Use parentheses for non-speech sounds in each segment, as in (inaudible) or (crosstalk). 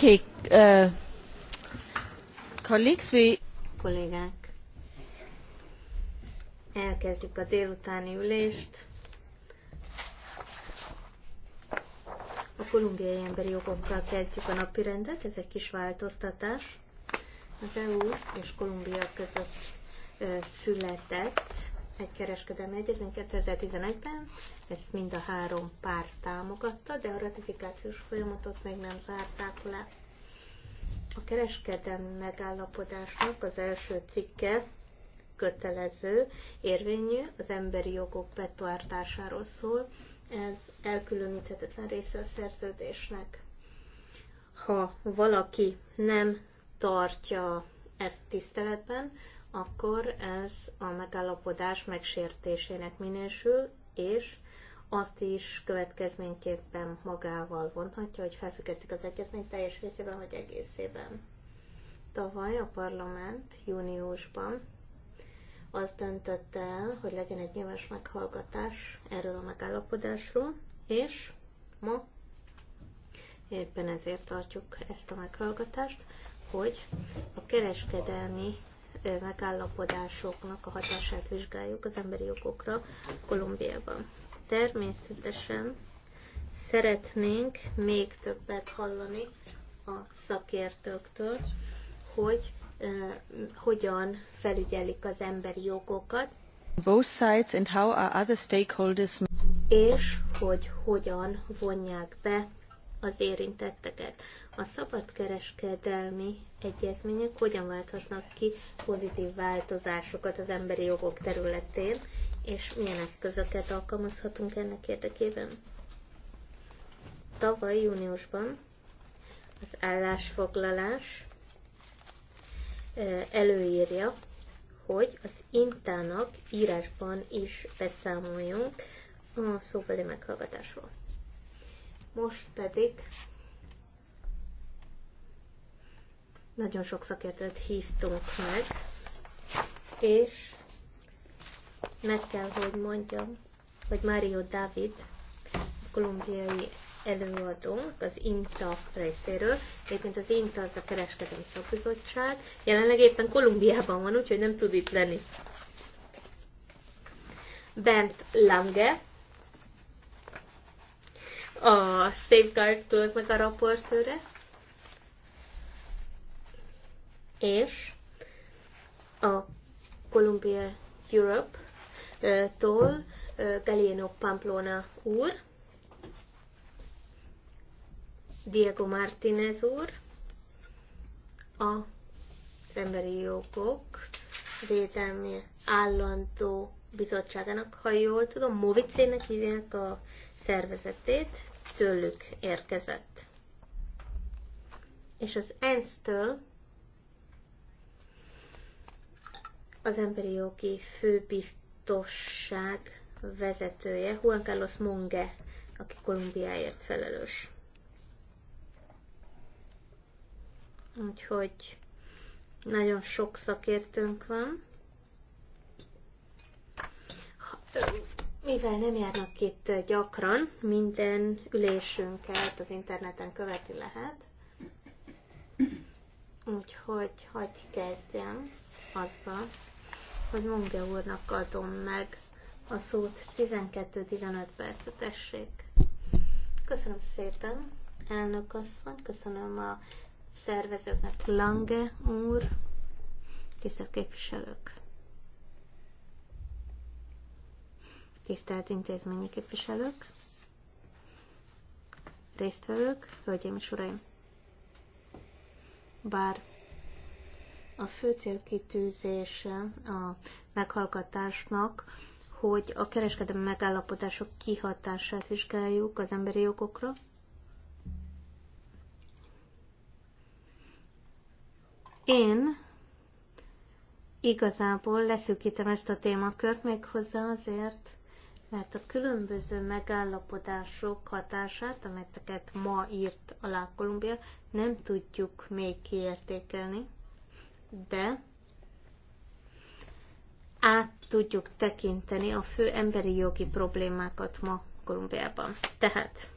Uh, Kollégák, elkezdjük a délutáni ülést. A kolumbiai emberi jogokkal kezdjük a napi rendet, ez egy kis változtatás. Az EU és Kolumbia között született egy kereskedelmi egyezmény 2011-ben, ezt mind a három párt támogatta, de a ratifikációs folyamatot még nem zárták le. A kereskedelmi megállapodásnak az első cikke kötelező, érvényű, az emberi jogok betartásáról szól, ez elkülöníthetetlen része a szerződésnek. Ha valaki nem tartja ezt tiszteletben, akkor ez a megállapodás megsértésének minősül, és azt is következményképpen magával vonhatja, hogy felfüggesztik az egyezményt teljes részében vagy egészében. Tavaly a parlament júniusban azt döntötte el, hogy legyen egy nyilvános meghallgatás erről a megállapodásról, és ma éppen ezért tartjuk ezt a meghallgatást, hogy a kereskedelmi megállapodásoknak a hatását vizsgáljuk az emberi jogokra Kolumbiában. Természetesen szeretnénk még többet hallani a szakértőktől, hogy uh, hogyan felügyelik az emberi jogokat, both sides and how are other stakeholders és hogy hogyan vonják be az érintetteket a szabadkereskedelmi egyezmények hogyan válthatnak ki pozitív változásokat az emberi jogok területén, és milyen eszközöket alkalmazhatunk ennek érdekében. Tavaly júniusban az állásfoglalás előírja, hogy az intának írásban is beszámoljunk a szóbeli meghallgatásról. Most pedig Nagyon sok szakértőt hívtunk meg, és meg kell, hogy mondjam, hogy Mário David, kolumbiai előadónk az INTA részéről. Egyébként az INTA az a kereskedelmi szakbizottság. Jelenleg éppen Kolumbiában van, úgyhogy nem tud itt lenni. Bent Lange, a Safeguard tool meg a raportőre, és a Columbia Europe-tól Galeno Pamplona úr, Diego Martínez úr, a emberi jogok védelmi állandó bizottságának, ha jól tudom, Movicének hívják a szervezetét, tőlük érkezett. És az ENSZ-től az emberi jogi főbiztosság vezetője, Juan Carlos Monge, aki Kolumbiáért felelős. Úgyhogy nagyon sok szakértőnk van. Mivel nem járnak itt gyakran, minden ülésünket az interneten követi lehet. Úgyhogy hagyj kezdjem azzal, hogy Munge úrnak adom meg a szót 12-15 percet, tessék. Köszönöm szépen, elnök asszony, köszönöm a szervezőknek, Lange úr, tisztelt képviselők, tisztelt intézményi képviselők, résztvevők, hölgyeim és uraim. Bár a fő célkitűzése a meghallgatásnak, hogy a kereskedelmi megállapodások kihatását vizsgáljuk az emberi jogokra. Én igazából leszűkítem ezt a témakört méghozzá azért, mert a különböző megállapodások hatását, amelyeket ma írt alá Kolumbia, nem tudjuk még kiértékelni de át tudjuk tekinteni a fő emberi jogi problémákat ma Kolumbiában. Tehát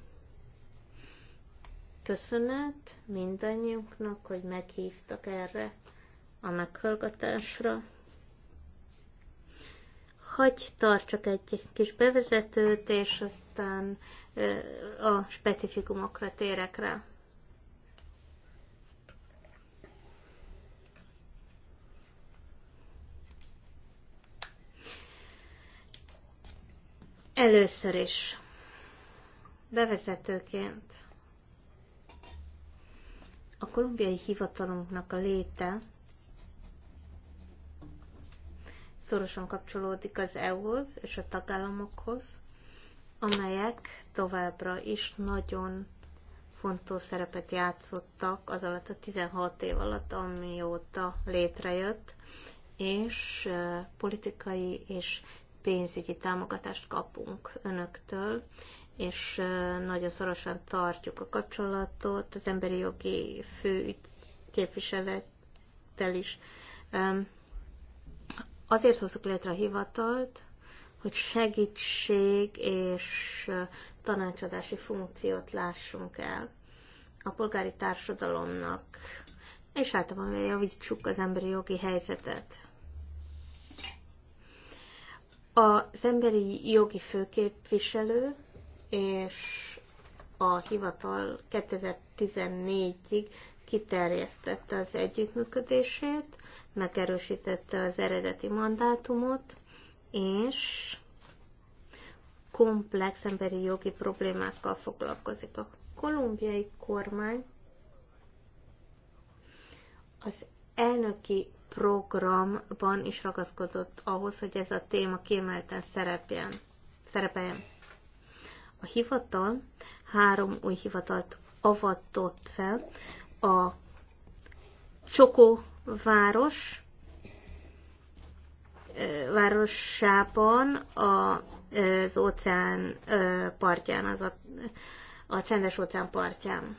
köszönet mindannyiunknak, hogy meghívtak erre a meghallgatásra. Hagy tartsak egy kis bevezetőt, és aztán a specifikumokra térek rá. Először is, bevezetőként, a kolumbiai hivatalunknak a léte szorosan kapcsolódik az EU-hoz és a tagállamokhoz, amelyek továbbra is nagyon fontos szerepet játszottak az alatt a 16 év alatt, amióta létrejött, és eh, politikai és pénzügyi támogatást kapunk önöktől, és nagyon szorosan tartjuk a kapcsolatot az emberi jogi fő képviselettel is. Azért hoztuk létre a hivatalt, hogy segítség és tanácsadási funkciót lássunk el a polgári társadalomnak, és általában javítsuk az emberi jogi helyzetet. Az emberi jogi főképviselő és a hivatal 2014-ig kiterjesztette az együttműködését, megerősítette az eredeti mandátumot, és komplex emberi jogi problémákkal foglalkozik. A kolumbiai kormány az elnöki programban is ragaszkodott ahhoz, hogy ez a téma kiemelten szerepeljen. szerepeljen. A hivatal három új hivatalt avatott fel, a Csokóváros városában a, az óceán partján, az a, a csendes óceán partján.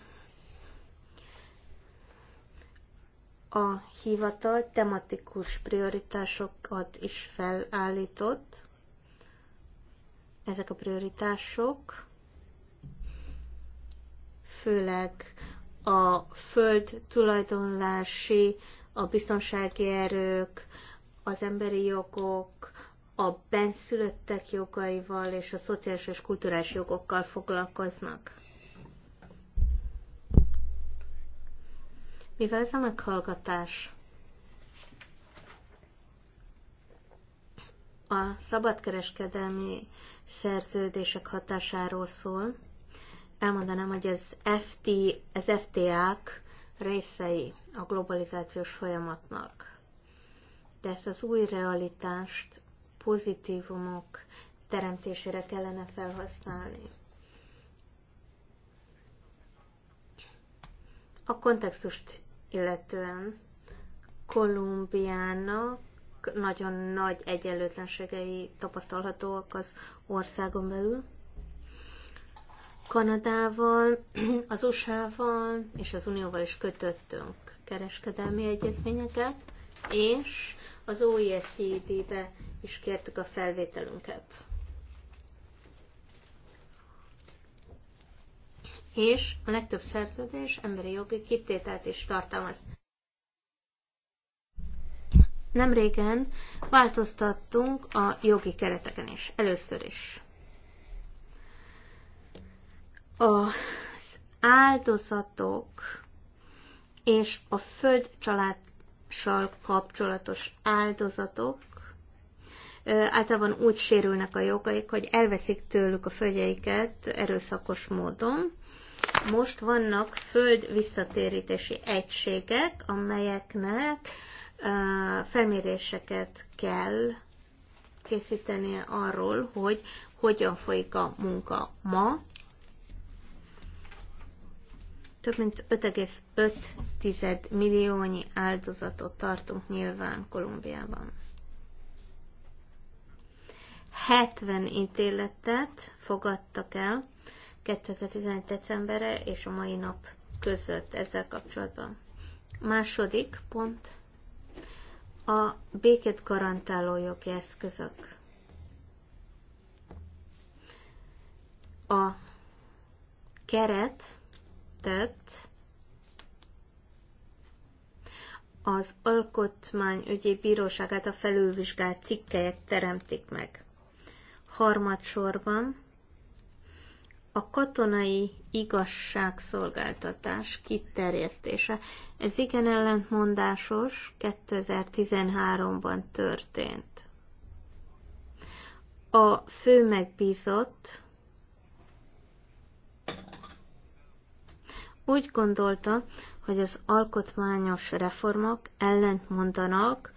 A hivatal tematikus prioritásokat is felállított. Ezek a prioritások főleg a föld tulajdonlási, a biztonsági erők, az emberi jogok, a benszülöttek jogaival és a szociális és kulturális jogokkal foglalkoznak. Mivel ez a meghallgatás a szabadkereskedelmi szerződések hatásáról szól, elmondanám, hogy az, FT, az FTA-k részei a globalizációs folyamatnak. De ezt az új realitást pozitívumok teremtésére kellene felhasználni. A kontextust illetően Kolumbiának nagyon nagy egyenlőtlenségei tapasztalhatóak az országon belül. Kanadával, (clears throat) az USA-val és az Unióval is kötöttünk kereskedelmi egyezményeket, és az OECD-be is kértük a felvételünket. és a legtöbb szerződés emberi jogi kitételt is tartalmaz. Nem régen változtattunk a jogi kereteken is, először is. Az áldozatok és a földcsalással kapcsolatos áldozatok általában úgy sérülnek a jogaik, hogy elveszik tőlük a földjeiket erőszakos módon, most vannak föld visszatérítési egységek, amelyeknek felméréseket kell készítenie arról, hogy hogyan folyik a munka ma. Több mint 5,5 milliónyi áldozatot tartunk nyilván Kolumbiában. 70 ítéletet fogadtak el, 2011. decemberre és a mai nap között ezzel kapcsolatban. Második pont a béket garantáló jogi eszközök. A keretet az alkotmány ügyi Bíróságát a felülvizsgált cikkelyek teremtik meg. Harmadsorban a katonai igazságszolgáltatás kiterjesztése. Ez igen ellentmondásos, 2013-ban történt. A fő megbízott úgy gondolta, hogy az alkotmányos reformok ellentmondanak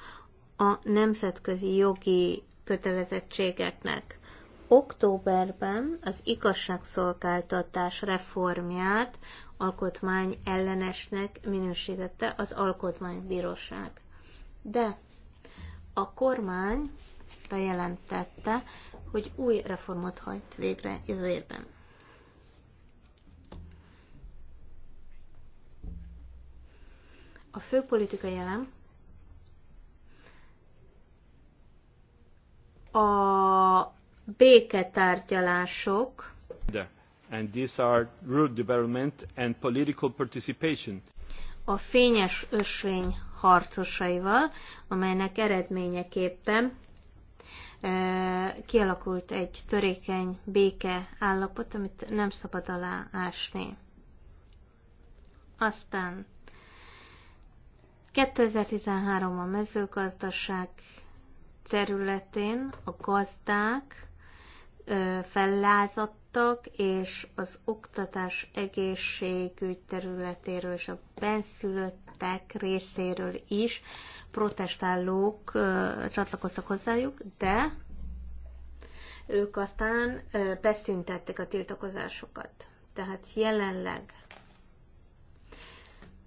a nemzetközi jogi kötelezettségeknek októberben az igazságszolgáltatás reformját alkotmány ellenesnek minősítette az Alkotmánybíróság. De a kormány bejelentette, hogy új reformot hajt végre jövő évben. A főpolitikai politikai elem a béketárgyalások. And these are rural development and political participation. A fényes ösvény harcosaival, amelynek eredményeképpen e, kialakult egy törékeny béke állapot, amit nem szabad alá ásni. Aztán 2013 a mezőgazdaság területén a gazdák fellázadtak, és az oktatás egészségügy területéről és a benszülöttek részéről is protestálók csatlakoztak hozzájuk, de ők aztán beszüntették a tiltakozásokat. Tehát jelenleg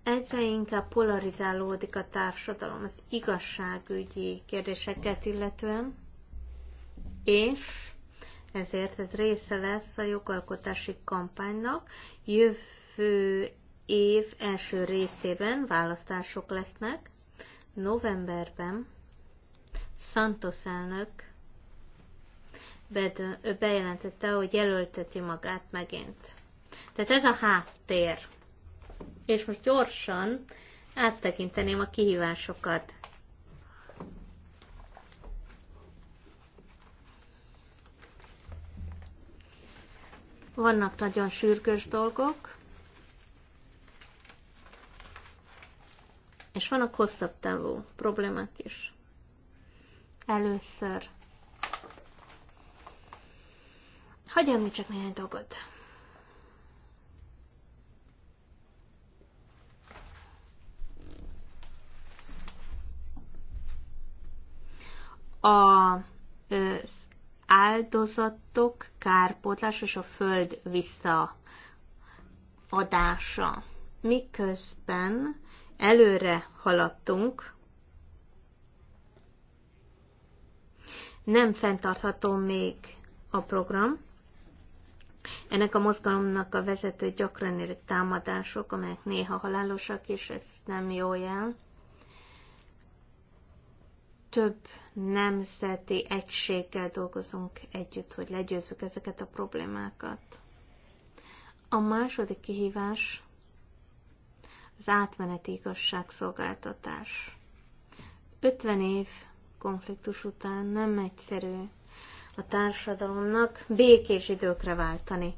egyre inkább polarizálódik a társadalom az igazságügyi kérdéseket illetően, és ezért ez része lesz a jogalkotási kampánynak. Jövő év első részében választások lesznek. Novemberben Santos elnök bejelentette, hogy jelölteti magát megint. Tehát ez a háttér. És most gyorsan áttekinteném a kihívásokat. Vannak nagyon sürgős dolgok, és vannak hosszabb távú problémák is. Először Hagyj említsek néhány dolgot. A ö, áldozatok kárpótlás és a föld visszaadása. Miközben előre haladtunk, nem fenntartható még a program. Ennek a mozgalomnak a vezető gyakran érik támadások, amelyek néha halálosak, és ez nem jó jel több nemzeti egységgel dolgozunk együtt, hogy legyőzzük ezeket a problémákat. A második kihívás az átmeneti igazságszolgáltatás. 50 év konfliktus után nem egyszerű a társadalomnak békés időkre váltani.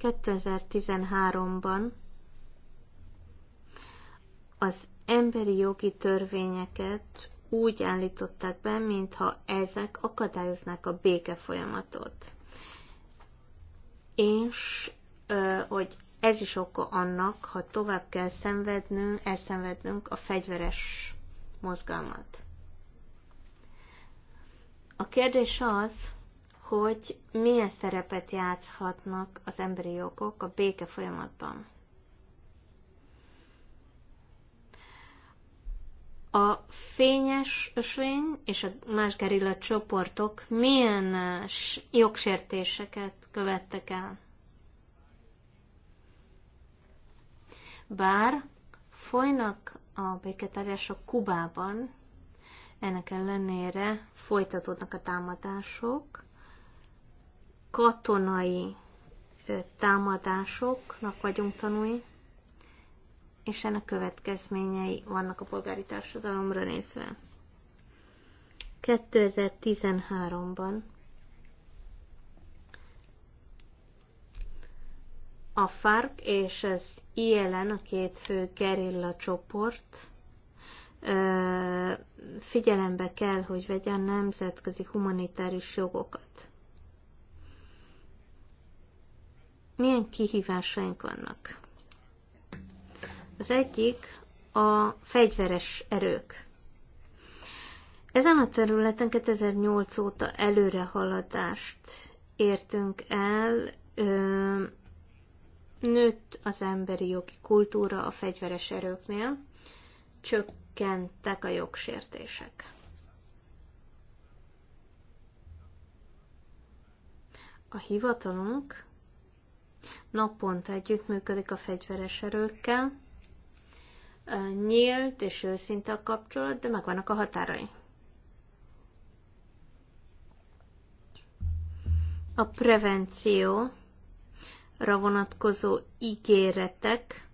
2013-ban az emberi jogi törvényeket úgy állították be, mintha ezek akadályoznák a béke folyamatot. És hogy ez is oka annak, ha tovább kell szenvednünk, elszenvednünk a fegyveres mozgalmat. A kérdés az, hogy milyen szerepet játszhatnak az emberi jogok a béke folyamatban. a fényes ösvény és a más gerilla csoportok milyen eh, jogsértéseket követtek el. Bár folynak a béketárások Kubában, ennek ellenére folytatódnak a támadások, katonai eh, támadásoknak vagyunk tanulni, és ennek következményei vannak a polgári társadalomra nézve. 2013-ban a FARC és az ILN, a két fő gerilla csoport, figyelembe kell, hogy vegye a nemzetközi humanitárius jogokat. Milyen kihívásaink vannak? Az egyik a fegyveres erők. Ezen a területen 2008 óta előrehaladást értünk el, nőtt az emberi jogi kultúra a fegyveres erőknél, csökkentek a jogsértések. A hivatalunk naponta együttműködik a fegyveres erőkkel, nyílt és őszinte a kapcsolat, de megvannak a határai. A prevencióra vonatkozó ígéretek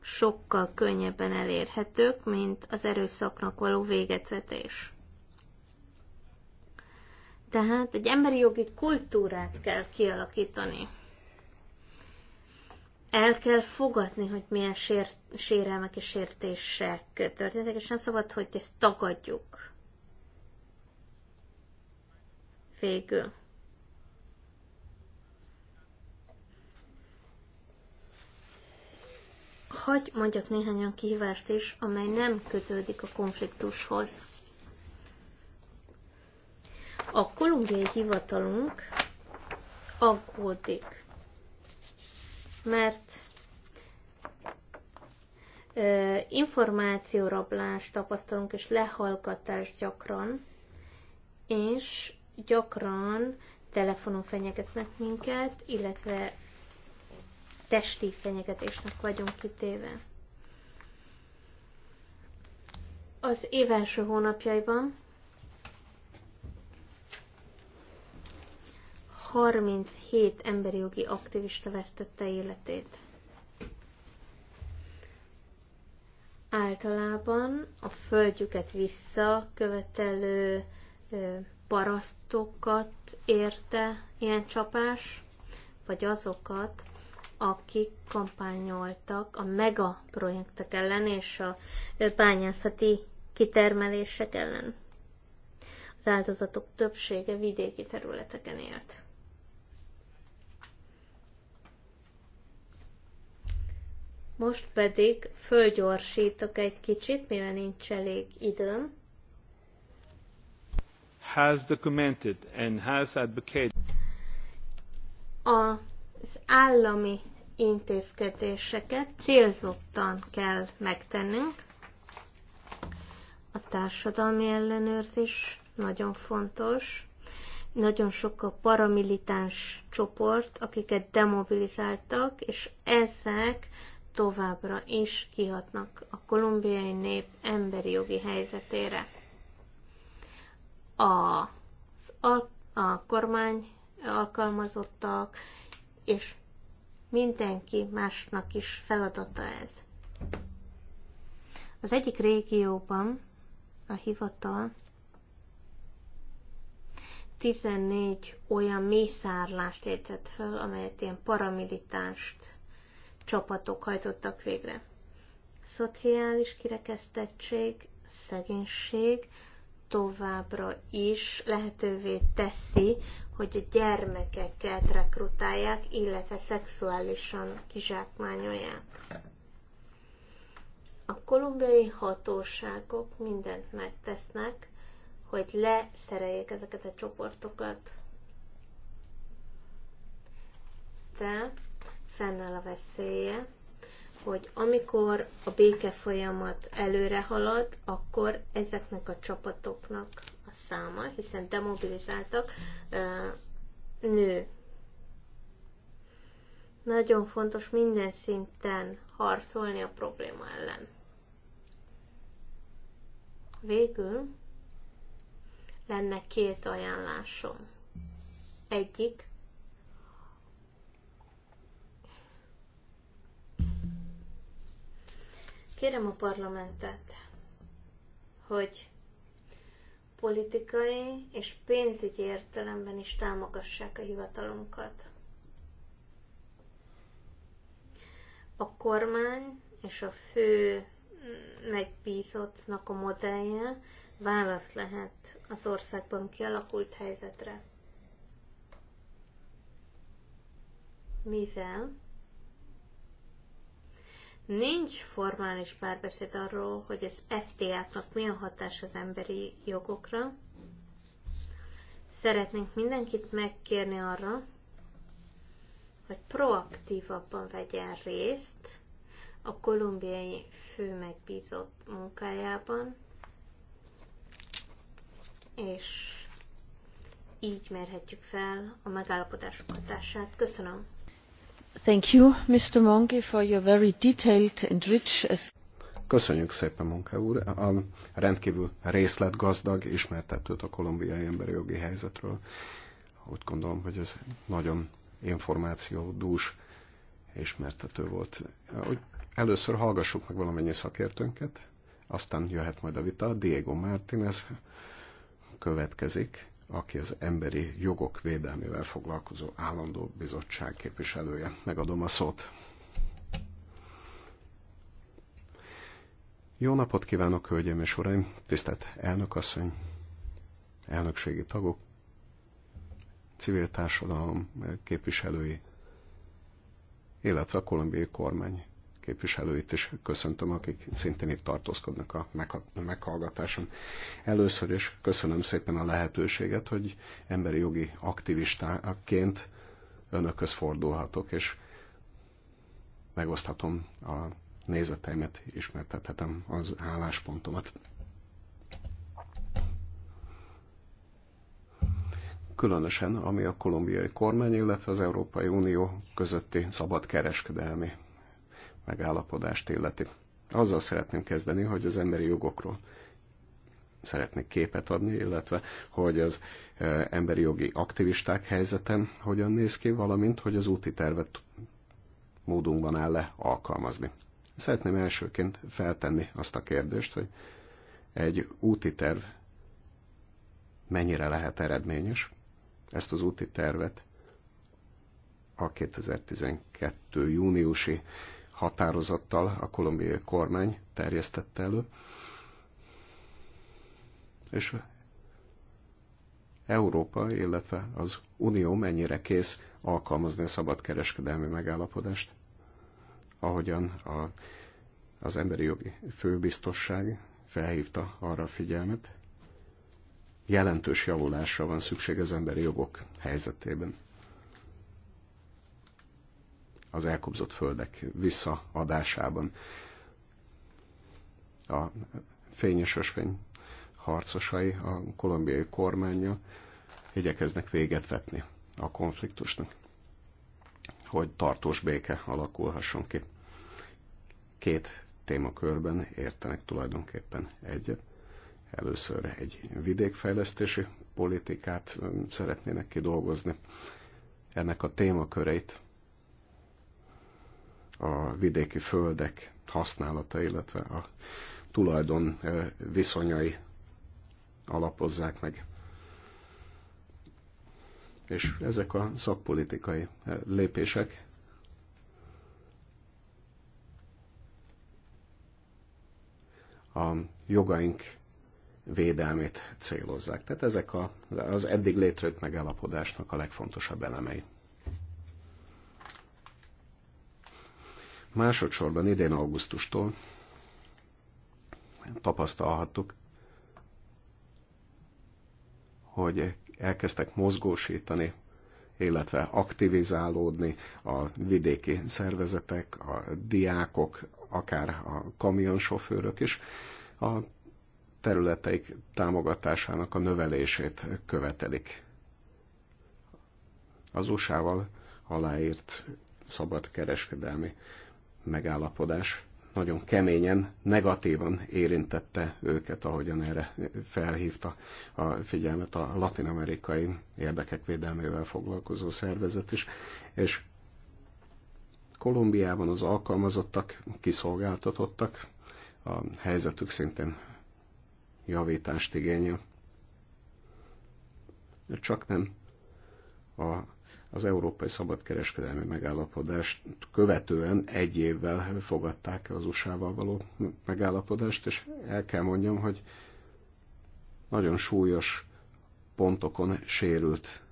sokkal könnyebben elérhetők, mint az erőszaknak való végetvetés. Tehát egy emberi jogi kultúrát kell kialakítani el kell fogadni, hogy milyen sér, sérelmek és sértések történtek, és nem szabad, hogy ezt tagadjuk. Végül. Hagy mondjak néhány olyan kihívást is, amely nem kötődik a konfliktushoz. A kolumbiai hivatalunk aggódik mert információrablást tapasztalunk, és lehallgatást gyakran, és gyakran telefonon fenyegetnek minket, illetve testi fenyegetésnek vagyunk kitéve. Az év első hónapjaiban 37 emberi jogi aktivista vesztette életét. Általában a földjüket visszakövetelő parasztokat érte ilyen csapás, vagy azokat, akik kampányoltak a mega projektek ellen és a bányászati kitermelések ellen. Az áldozatok többsége vidéki területeken élt. Most pedig fölgyorsítok egy kicsit, mivel nincs elég időm. Has documented and has advocated. Az állami intézkedéseket célzottan kell megtennünk. A társadalmi ellenőrzés nagyon fontos. Nagyon sok a paramilitáns csoport, akiket demobilizáltak, és ezek továbbra is kihatnak a kolumbiai nép emberi jogi helyzetére. A, a kormány alkalmazottak, és mindenki másnak is feladata ez. Az egyik régióban a hivatal 14 olyan mészárlást értett föl, amelyet ilyen paramilitást csapatok hajtottak végre. Szociális kirekesztettség, szegénység továbbra is lehetővé teszi, hogy a gyermekeket rekrutálják, illetve szexuálisan kizsákmányolják. A kolumbiai hatóságok mindent megtesznek, hogy leszereljék ezeket a csoportokat. De fennáll a veszélye, hogy amikor a béke folyamat előre halad, akkor ezeknek a csapatoknak a száma, hiszen demobilizáltak, nő. Nagyon fontos minden szinten harcolni a probléma ellen. Végül lenne két ajánlásom. Egyik, Kérem a parlamentet, hogy politikai és pénzügyi értelemben is támogassák a hivatalunkat. A kormány és a fő megbízottnak a modellje válasz lehet az országban kialakult helyzetre. Mivel Nincs formális párbeszéd arról, hogy az fta nak mi a hatás az emberi jogokra. Szeretnénk mindenkit megkérni arra, hogy proaktívabban vegyen részt a kolumbiai főmegbízott munkájában, és így mérhetjük fel a megállapodások hatását. Köszönöm. Mr. Monge, Köszönjük szépen, Monke úr. A rendkívül részletgazdag ismertetőt a kolumbiai emberi jogi helyzetről. Úgy gondolom, hogy ez nagyon információdús ismertető volt. először hallgassuk meg valamennyi szakértőnket, aztán jöhet majd a vita. Diego Martínez következik, aki az emberi jogok védelmével foglalkozó állandó bizottság képviselője. Megadom a szót. Jó napot kívánok, hölgyeim és uraim! Tisztelt elnökasszony, elnökségi tagok, civil társadalom képviselői, illetve a kolumbiai kormány képviselőit is köszöntöm, akik szintén itt tartózkodnak a meghallgatáson. Először is köszönöm szépen a lehetőséget, hogy emberi jogi aktivistaként önökhöz fordulhatok, és megoszthatom a nézeteimet, ismertethetem az álláspontomat. Különösen, ami a kolumbiai kormány, illetve az Európai Unió közötti szabadkereskedelmi megállapodást illeti. Azzal szeretném kezdeni, hogy az emberi jogokról szeretnék képet adni, illetve hogy az e, emberi jogi aktivisták helyzetem hogyan néz ki, valamint hogy az úti tervet módunkban áll-e alkalmazni. Szeretném elsőként feltenni azt a kérdést, hogy egy úti terv mennyire lehet eredményes. Ezt az úti tervet a 2012. júniusi határozattal a kolumbiai kormány terjesztette elő. És Európa, illetve az Unió mennyire kész alkalmazni a szabadkereskedelmi megállapodást, ahogyan a, az emberi jogi főbiztosság felhívta arra a figyelmet, jelentős javulásra van szükség az emberi jogok helyzetében az elkobzott földek visszaadásában. A fényes ösvény harcosai a kolumbiai kormányjal igyekeznek véget vetni a konfliktusnak, hogy tartós béke alakulhasson ki. Két témakörben értenek tulajdonképpen egyet. Először egy vidékfejlesztési politikát um, szeretnének kidolgozni. Ennek a témaköreit a vidéki földek használata, illetve a tulajdon eh, viszonyai alapozzák meg. És ezek a szakpolitikai eh, lépések a jogaink védelmét célozzák. Tehát ezek a, az eddig létrejött megállapodásnak a legfontosabb elemei. Másodszorban idén augusztustól tapasztalhattuk, hogy elkezdtek mozgósítani, illetve aktivizálódni a vidéki szervezetek, a diákok, akár a kamionsofőrök is a területeik támogatásának a növelését követelik. Az USA-val aláírt szabadkereskedelmi megállapodás nagyon keményen, negatívan érintette őket, ahogyan erre felhívta a figyelmet a latin-amerikai érdekek védelmével foglalkozó szervezet is. És Kolumbiában az alkalmazottak, kiszolgáltatottak, a helyzetük szintén javítást igényel. Csak nem a az Európai Szabadkereskedelmi Megállapodást követően egy évvel fogadták az USA-val való megállapodást, és el kell mondjam, hogy nagyon súlyos pontokon sérült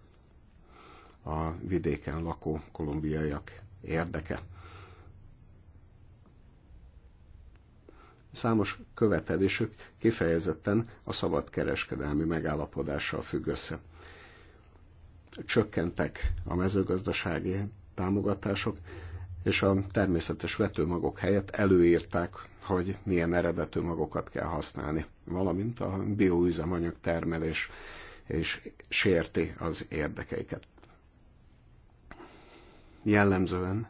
a vidéken lakó kolumbiaiak érdeke. Számos követelésük kifejezetten a szabadkereskedelmi megállapodással függ össze csökkentek a mezőgazdasági támogatások, és a természetes vetőmagok helyett előírták, hogy milyen eredetű magokat kell használni, valamint a bioüzemanyag termelés és sérti az érdekeiket. Jellemzően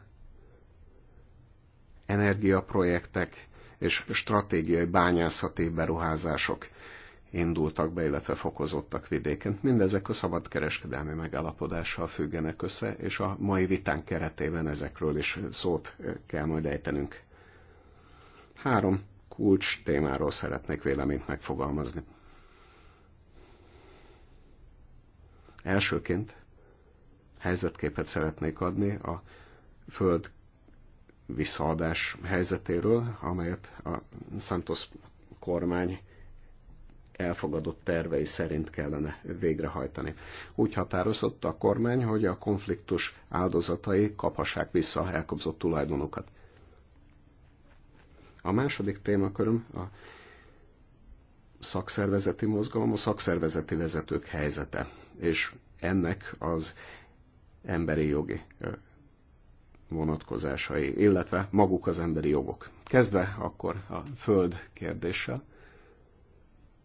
energiaprojektek és stratégiai bányászati beruházások indultak be, illetve fokozottak vidéken. Mindezek a szabadkereskedelmi megállapodással függenek össze, és a mai vitán keretében ezekről is szót eh, kell majd ejtenünk. Három kulcs témáról szeretnék véleményt megfogalmazni. Elsőként helyzetképet szeretnék adni a föld visszaadás helyzetéről, amelyet a Santos kormány elfogadott tervei szerint kellene végrehajtani. Úgy határozott a kormány, hogy a konfliktus áldozatai kaphassák vissza elkobzott tulajdonukat. A második témaköröm a szakszervezeti mozgalom, a szakszervezeti vezetők helyzete, és ennek az emberi jogi vonatkozásai, illetve maguk az emberi jogok. Kezdve akkor a föld kérdéssel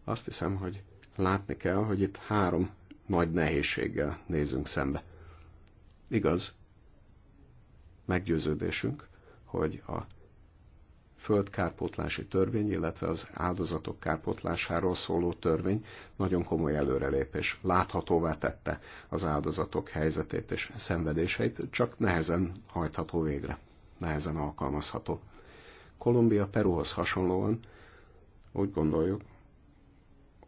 azt hiszem, hogy látni kell, hogy itt három nagy nehézséggel nézünk szembe. Igaz, meggyőződésünk, hogy a földkárpótlási törvény, illetve az áldozatok kárpótlásáról szóló törvény nagyon komoly előrelépés. Láthatóvá tette az áldozatok helyzetét és szenvedéseit, csak nehezen hajtható végre, nehezen alkalmazható. Kolumbia Peruhoz hasonlóan úgy gondoljuk,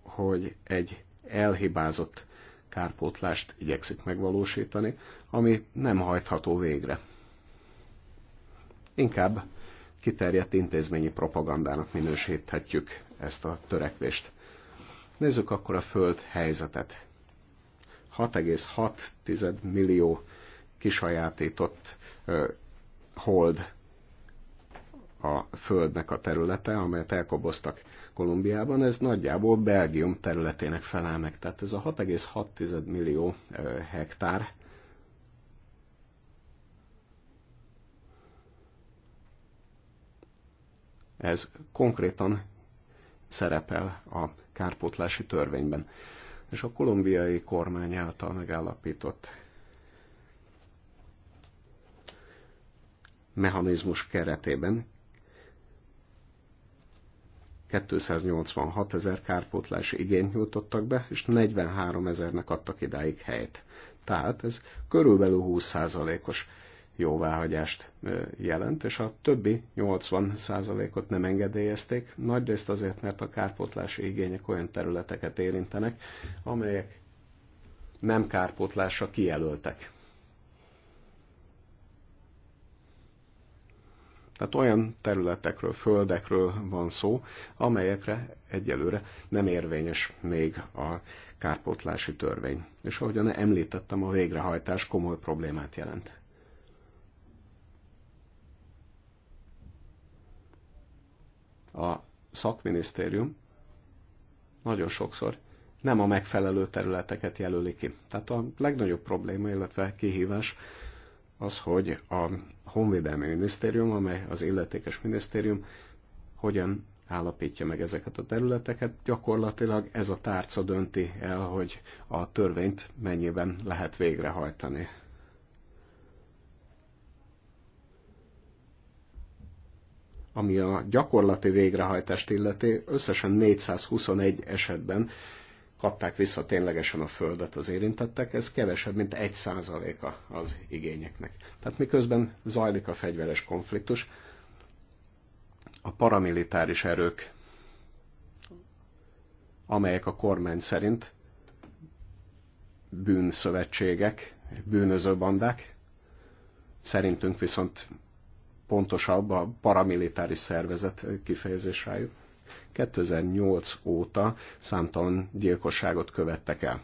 hogy egy elhibázott kárpótlást igyekszik megvalósítani, ami nem hajtható végre. Inkább kiterjedt intézményi propagandának minősíthetjük ezt a törekvést. Nézzük akkor a Föld helyzetet. 6,6 millió kisajátított hold a földnek a területe, amelyet elkoboztak Kolumbiában, ez nagyjából Belgium területének felel meg. Tehát ez a 6,6 millió hektár, ez konkrétan szerepel a kárpótlási törvényben. És a kolumbiai kormány által megállapított mechanizmus keretében 286 ezer kárpótlási igényt nyújtottak be, és 43 ezernek adtak idáig helyt. Tehát ez körülbelül 20%-os jóváhagyást jelent, és a többi 80%-ot nem engedélyezték, nagyrészt azért, mert a kárpótlási igények olyan területeket érintenek, amelyek nem kárpótlásra kijelöltek. Tehát olyan területekről, földekről van szó, amelyekre egyelőre nem érvényes még a kárpótlási törvény. És ahogyan említettem, a végrehajtás komoly problémát jelent. A szakminisztérium nagyon sokszor nem a megfelelő területeket jelöli ki. Tehát a legnagyobb probléma, illetve kihívás az, hogy a Honvédelmi Minisztérium, amely az illetékes minisztérium, hogyan állapítja meg ezeket a területeket. Gyakorlatilag ez a tárca dönti el, hogy a törvényt mennyiben lehet végrehajtani. Ami a gyakorlati végrehajtást illeti, összesen 421 esetben kapták vissza ténylegesen a földet az érintettek, ez kevesebb, mint egy százaléka az igényeknek. Tehát miközben zajlik a fegyveres konfliktus, a paramilitáris erők, amelyek a kormány szerint bűnszövetségek, bűnöző bandák, szerintünk viszont pontosabb a paramilitáris szervezet kifejezés rájuk 2008 óta számtalan gyilkosságot követtek el.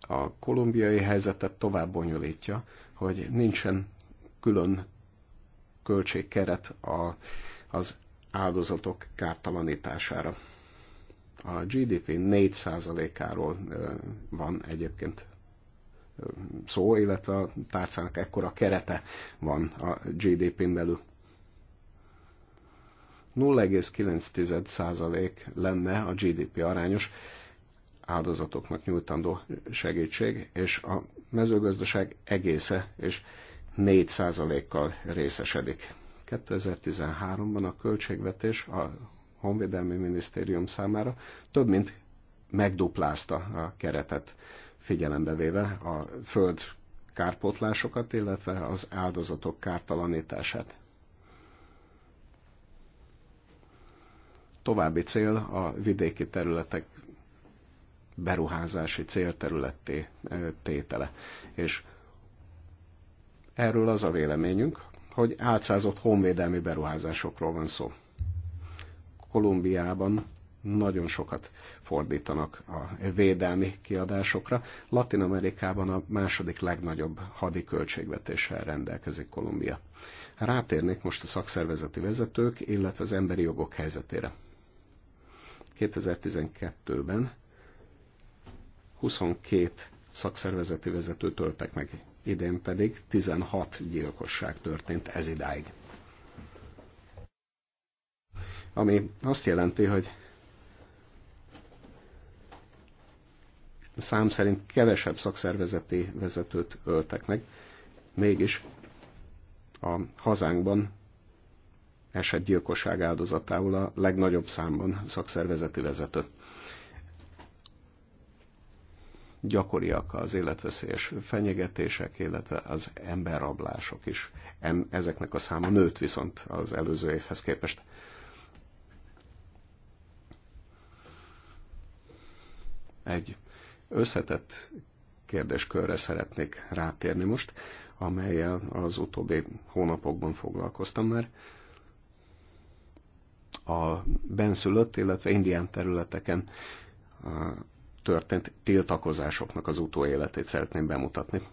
A kolumbiai helyzetet tovább bonyolítja, hogy nincsen külön költségkeret a, az áldozatok kártalanítására. A GDP 4%-áról van egyébként szó, illetve a tárcának ekkora kerete van a GDP-n belül. 0,9% lenne a GDP arányos áldozatoknak nyújtandó segítség, és a mezőgazdaság egésze és 4%-kal részesedik. 2013-ban a költségvetés a Honvédelmi Minisztérium számára több mint megduplázta a keretet figyelembe véve a föld kárpótlásokat, illetve az áldozatok kártalanítását. További cél a vidéki területek beruházási célterületté tétele. És erről az a véleményünk, hogy átszázott honvédelmi beruházásokról van szó. Kolumbiában nagyon sokat fordítanak a védelmi kiadásokra. Latin Amerikában a második legnagyobb hadi költségvetéssel rendelkezik Kolumbia. Rátérnék most a szakszervezeti vezetők, illetve az emberi jogok helyzetére. 2012-ben 22 szakszervezeti vezető töltek meg, idén pedig 16 gyilkosság történt ez idáig. Ami azt jelenti, hogy szám szerint kevesebb szakszervezeti vezetőt öltek meg, mégis a hazánkban esett gyilkosság áldozatául a legnagyobb számban szakszervezeti vezető. Gyakoriak az életveszélyes fenyegetések, illetve az emberrablások is. Ezeknek a száma nőtt viszont az előző évhez képest. Egy összetett kérdéskörre szeretnék rátérni most, amelyel az utóbbi hónapokban foglalkoztam, mert a benszülött, illetve indián területeken történt tiltakozásoknak az utóéletét szeretném bemutatni.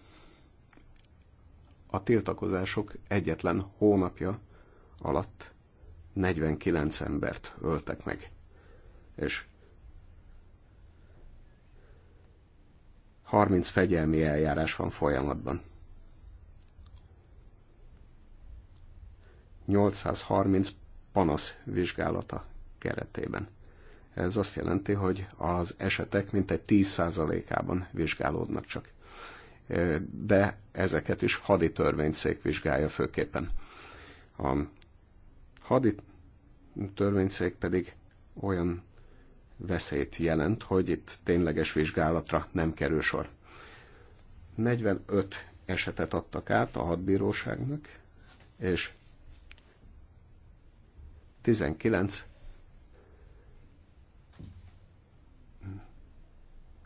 A tiltakozások egyetlen hónapja alatt 49 embert öltek meg, és 30 fegyelmi eljárás van folyamatban. 830 panasz vizsgálata keretében. Ez azt jelenti, hogy az esetek mintegy 10%-ában vizsgálódnak csak. De ezeket is hadi törvényszék vizsgálja főképpen. A hadi törvényszék pedig olyan veszélyt jelent, hogy itt tényleges vizsgálatra nem kerül sor. 45 esetet adtak át a hadbíróságnak, és 19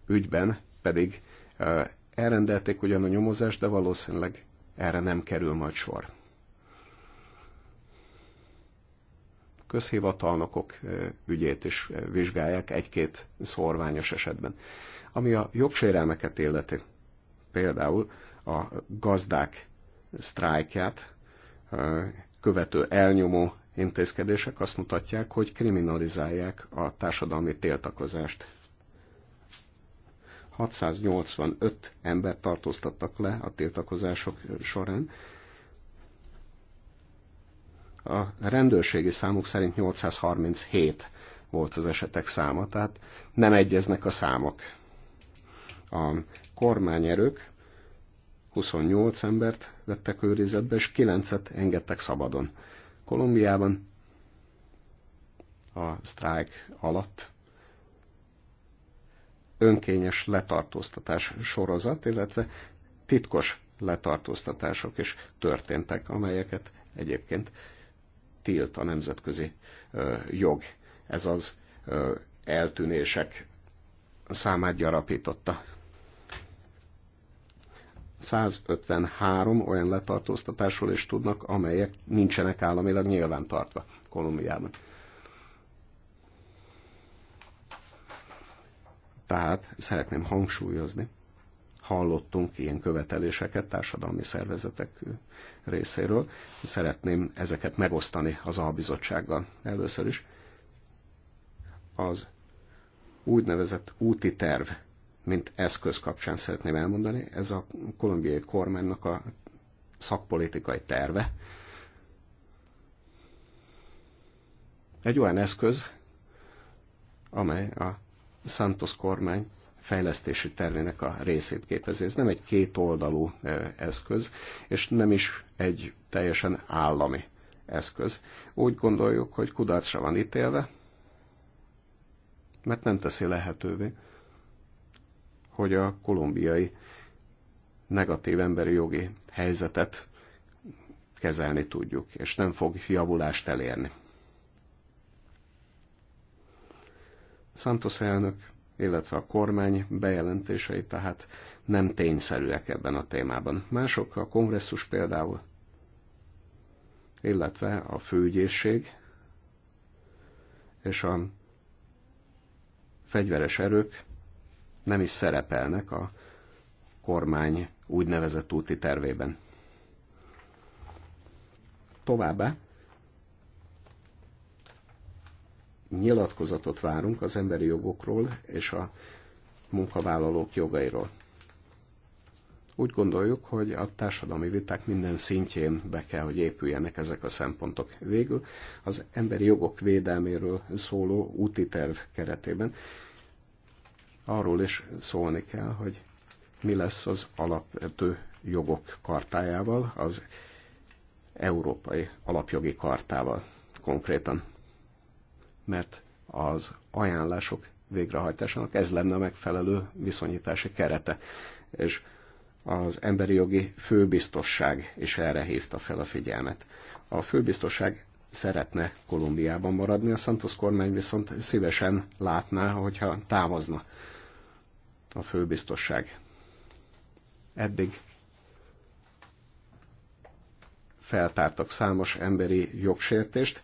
ügyben pedig elrendelték ugyan a nyomozást, de valószínűleg erre nem kerül majd sor. Közhivatalnokok ügyét is vizsgálják egy-két szorványos esetben. Ami a jogsérelmeket illeti, például a gazdák sztrájkját követő elnyomó intézkedések azt mutatják, hogy kriminalizálják a társadalmi tiltakozást. 685 ember tartóztattak le a tiltakozások során. A rendőrségi számok szerint 837 volt az esetek száma, tehát nem egyeznek a számok. A kormányerők 28 embert vettek őrizetbe, és 9-et engedtek szabadon. Kolumbiában a sztrájk alatt önkényes letartóztatás sorozat, illetve titkos letartóztatások is történtek, amelyeket egyébként tilt a nemzetközi jog. Ez az eltűnések számát gyarapította. 153 olyan letartóztatásról is tudnak, amelyek nincsenek államilag nyilvántartva Kolumbiában. Tehát szeretném hangsúlyozni, hallottunk ilyen követeléseket társadalmi szervezetek részéről. Szeretném ezeket megosztani az albizottsággal először is. Az úgynevezett úti terv mint eszköz kapcsán szeretném elmondani, ez a kolumbiai kormánynak a szakpolitikai terve. Egy olyan eszköz, amely a Santos kormány fejlesztési tervének a részét képezi. Ez nem egy kétoldalú eszköz, és nem is egy teljesen állami eszköz. Úgy gondoljuk, hogy kudarcra van ítélve, mert nem teszi lehetővé, hogy a kolumbiai negatív emberi jogi helyzetet kezelni tudjuk, és nem fog javulást elérni. Santos elnök, illetve a kormány bejelentései tehát nem tényszerűek ebben a témában. Mások a kongresszus például, illetve a főügyészség és a fegyveres erők nem is szerepelnek a kormány úgynevezett úti tervében. Továbbá nyilatkozatot várunk az emberi jogokról és a munkavállalók jogairól. Úgy gondoljuk, hogy a társadalmi viták minden szintjén be kell, hogy épüljenek ezek a szempontok. Végül az emberi jogok védelméről szóló úti terv keretében arról is szólni kell, hogy mi lesz az alapvető jogok kartájával, az európai alapjogi kartával konkrétan. Mert az ajánlások végrehajtásának ez lenne a megfelelő viszonyítási kerete. És az emberi jogi főbiztosság is erre hívta fel a figyelmet. A főbiztosság szeretne Kolumbiában maradni, a Santos kormány viszont szívesen látná, hogyha távozna a főbiztosság. Eddig feltártak számos emberi jogsértést,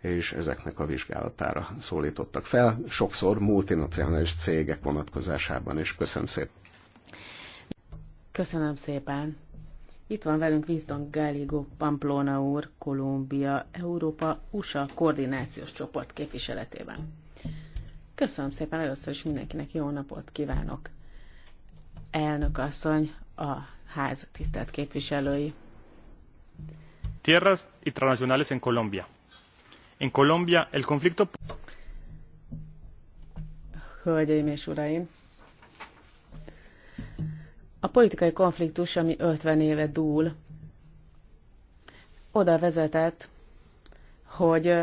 és ezeknek a vizsgálatára szólítottak fel, sokszor multinacionális cégek vonatkozásában is. Köszönöm szépen! Köszönöm szépen! Itt van velünk Winston Galigo, Pamplona úr, Kolumbia, Európa, USA koordinációs csoport képviseletében. Köszönöm szépen, először is mindenkinek jó napot kívánok. Elnök asszony, a ház tisztelt képviselői. Tierras transnacionales en Colombia. En Colombia el conflicto... Hölgyeim és uraim! A politikai konfliktus, ami 50 éve dúl, oda vezetett, hogy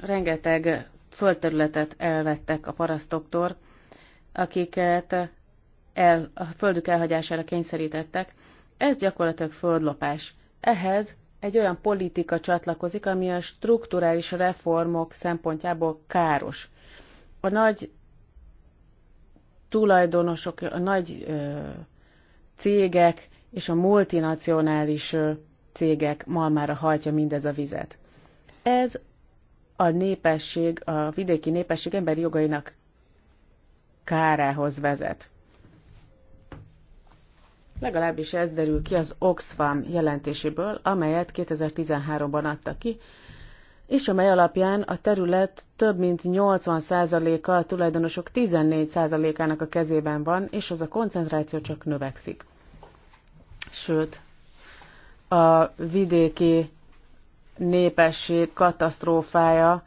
rengeteg földterületet elvettek a parasztoktól, akiket el, a földük elhagyására kényszerítettek. Ez gyakorlatilag földlopás. Ehhez egy olyan politika csatlakozik, ami a strukturális reformok szempontjából káros. A nagy tulajdonosok, a nagy ö, cégek és a multinacionális ö, cégek malmára hajtja mindez a vizet. Ez a népesség, a vidéki népesség emberi jogainak kárához vezet. Legalábbis ez derül ki az Oxfam jelentéséből, amelyet 2013-ban adta ki, és amely alapján a terület több mint 80%-a a tulajdonosok 14%-ának a kezében van, és az a koncentráció csak növekszik. Sőt, a vidéki népesség katasztrófája,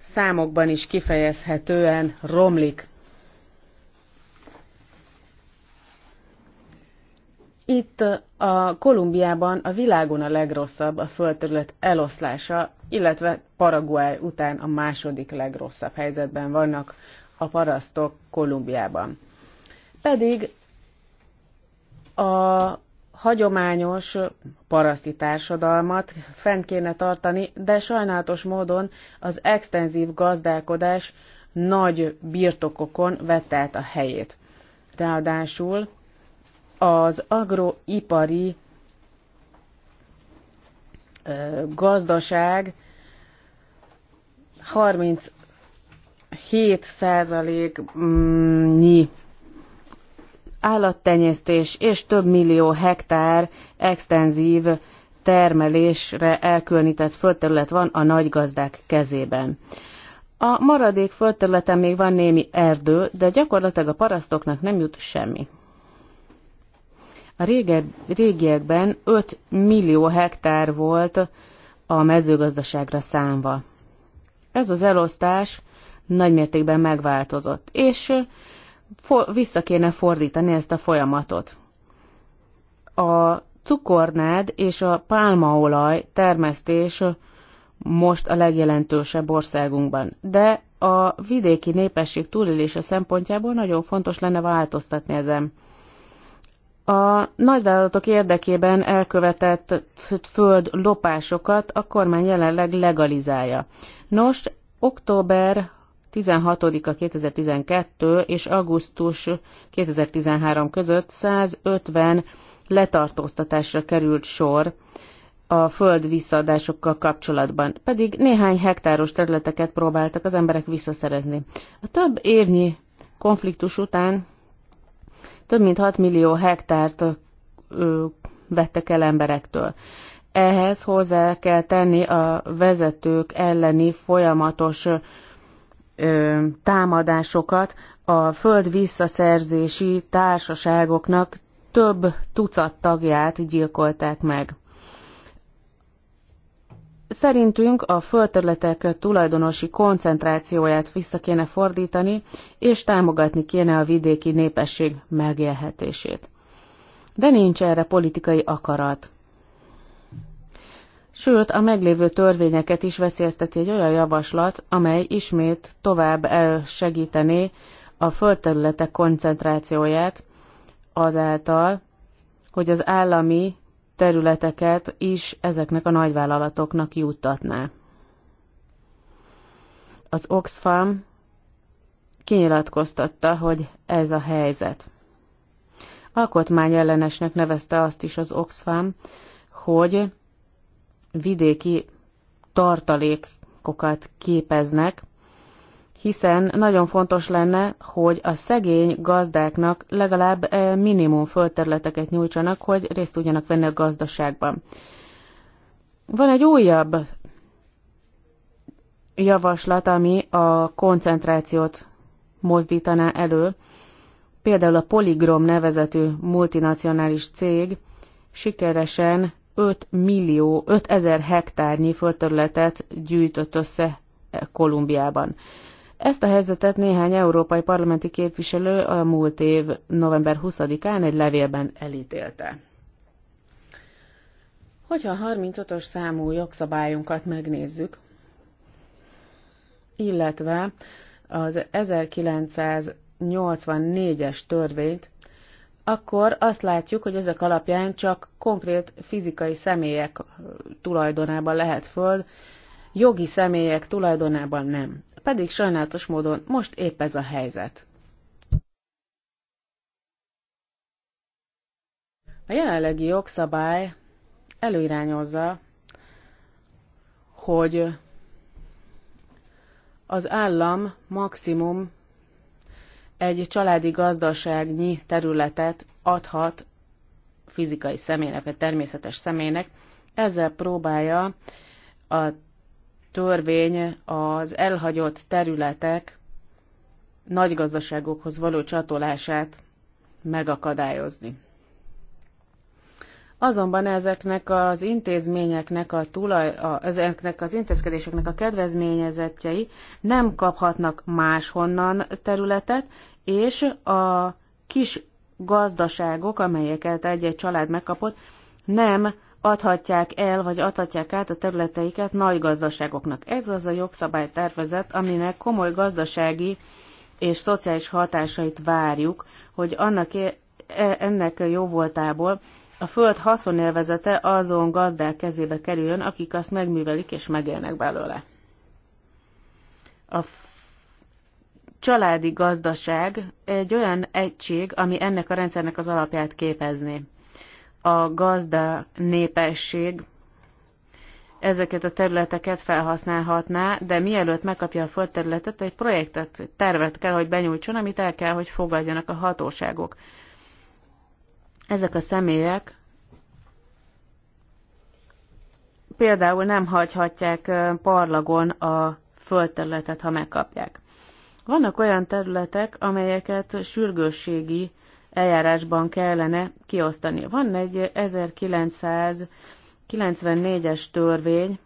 számokban is kifejezhetően romlik. Itt a Kolumbiában a világon a legrosszabb a földterület eloszlása, illetve Paraguay után a második legrosszabb helyzetben vannak a parasztok Kolumbiában. Pedig a hagyományos paraszti társadalmat fent kéne tartani, de sajnálatos módon az extenzív gazdálkodás nagy birtokokon vette át a helyét. Ráadásul az agroipari gazdaság 30 7%-nyi állattenyésztés és több millió hektár extenzív termelésre elkülönített földterület van a nagy gazdák kezében. A maradék földterületen még van némi erdő, de gyakorlatilag a parasztoknak nem jut semmi. A rége, régiekben 5 millió hektár volt a mezőgazdaságra számva. Ez az elosztás nagymértékben megváltozott, és for, vissza kéne fordítani ezt a folyamatot. A cukornád és a pálmaolaj termesztés most a legjelentősebb országunkban, de a vidéki népesség túlélése szempontjából nagyon fontos lenne változtatni ezen. A nagyvállalatok érdekében elkövetett föld lopásokat a kormány jelenleg legalizálja. Nos, október 16-a 2012 és augusztus 2013 között 150 letartóztatásra került sor a föld visszaadásokkal kapcsolatban, pedig néhány hektáros területeket próbáltak az emberek visszaszerezni. A több évnyi konfliktus után több mint 6 millió hektárt ö, vettek el emberektől. Ehhez hozzá kell tenni a vezetők elleni folyamatos támadásokat a föld visszaszerzési társaságoknak több tucat tagját gyilkolták meg. Szerintünk a földterületek tulajdonosi koncentrációját vissza kéne fordítani, és támogatni kéne a vidéki népesség megélhetését. De nincs erre politikai akarat. Sőt, a meglévő törvényeket is veszélyezteti egy olyan javaslat, amely ismét tovább elsegítené a földterületek koncentrációját azáltal, hogy az állami területeket is ezeknek a nagyvállalatoknak juttatná. Az Oxfam kinyilatkoztatta, hogy ez a helyzet. Alkotmányellenesnek nevezte azt is az Oxfam, hogy vidéki tartalékokat képeznek, hiszen nagyon fontos lenne, hogy a szegény gazdáknak legalább eh, minimum földterületeket nyújtsanak, hogy részt tudjanak venni a gazdaságban. Van egy újabb javaslat, ami a koncentrációt mozdítaná elő. Például a Poligrom nevezetű multinacionális cég sikeresen 5 millió, 5 ezer hektárnyi földterületet gyűjtött össze Kolumbiában. Ezt a helyzetet néhány európai parlamenti képviselő a múlt év november 20-án egy levélben elítélte. Hogyha a 35-ös számú jogszabályunkat megnézzük, illetve az 1984-es törvényt, akkor azt látjuk, hogy ezek alapján csak konkrét fizikai személyek tulajdonában lehet föld, jogi személyek tulajdonában nem. Pedig sajnálatos módon most épp ez a helyzet. A jelenlegi jogszabály előirányozza, hogy az állam maximum egy családi gazdaságnyi területet adhat fizikai személynek, vagy természetes személynek. Ezzel próbálja a törvény az elhagyott területek nagy gazdaságokhoz való csatolását megakadályozni. Azonban ezeknek az intézményeknek, a tulaj, a, ezeknek az intézkedéseknek a kedvezményezettjei nem kaphatnak máshonnan területet, és a kis gazdaságok, amelyeket egy-egy család megkapott, nem adhatják el, vagy adhatják át a területeiket nagy gazdaságoknak. Ez az a jogszabálytervezet, aminek komoly gazdasági és szociális hatásait várjuk, hogy annak e- ennek jó voltából a föld haszonélvezete azon gazdák kezébe kerüljön, akik azt megművelik és megélnek belőle. A családi gazdaság egy olyan egység, ami ennek a rendszernek az alapját képezni. A gazda népesség ezeket a területeket felhasználhatná, de mielőtt megkapja a földterületet, egy projektet, tervet kell, hogy benyújtson, amit el kell, hogy fogadjanak a hatóságok. Ezek a személyek például nem hagyhatják parlagon a földterületet, ha megkapják. Vannak olyan területek, amelyeket sürgősségi eljárásban kellene kiosztani. Van egy 1994-es törvény,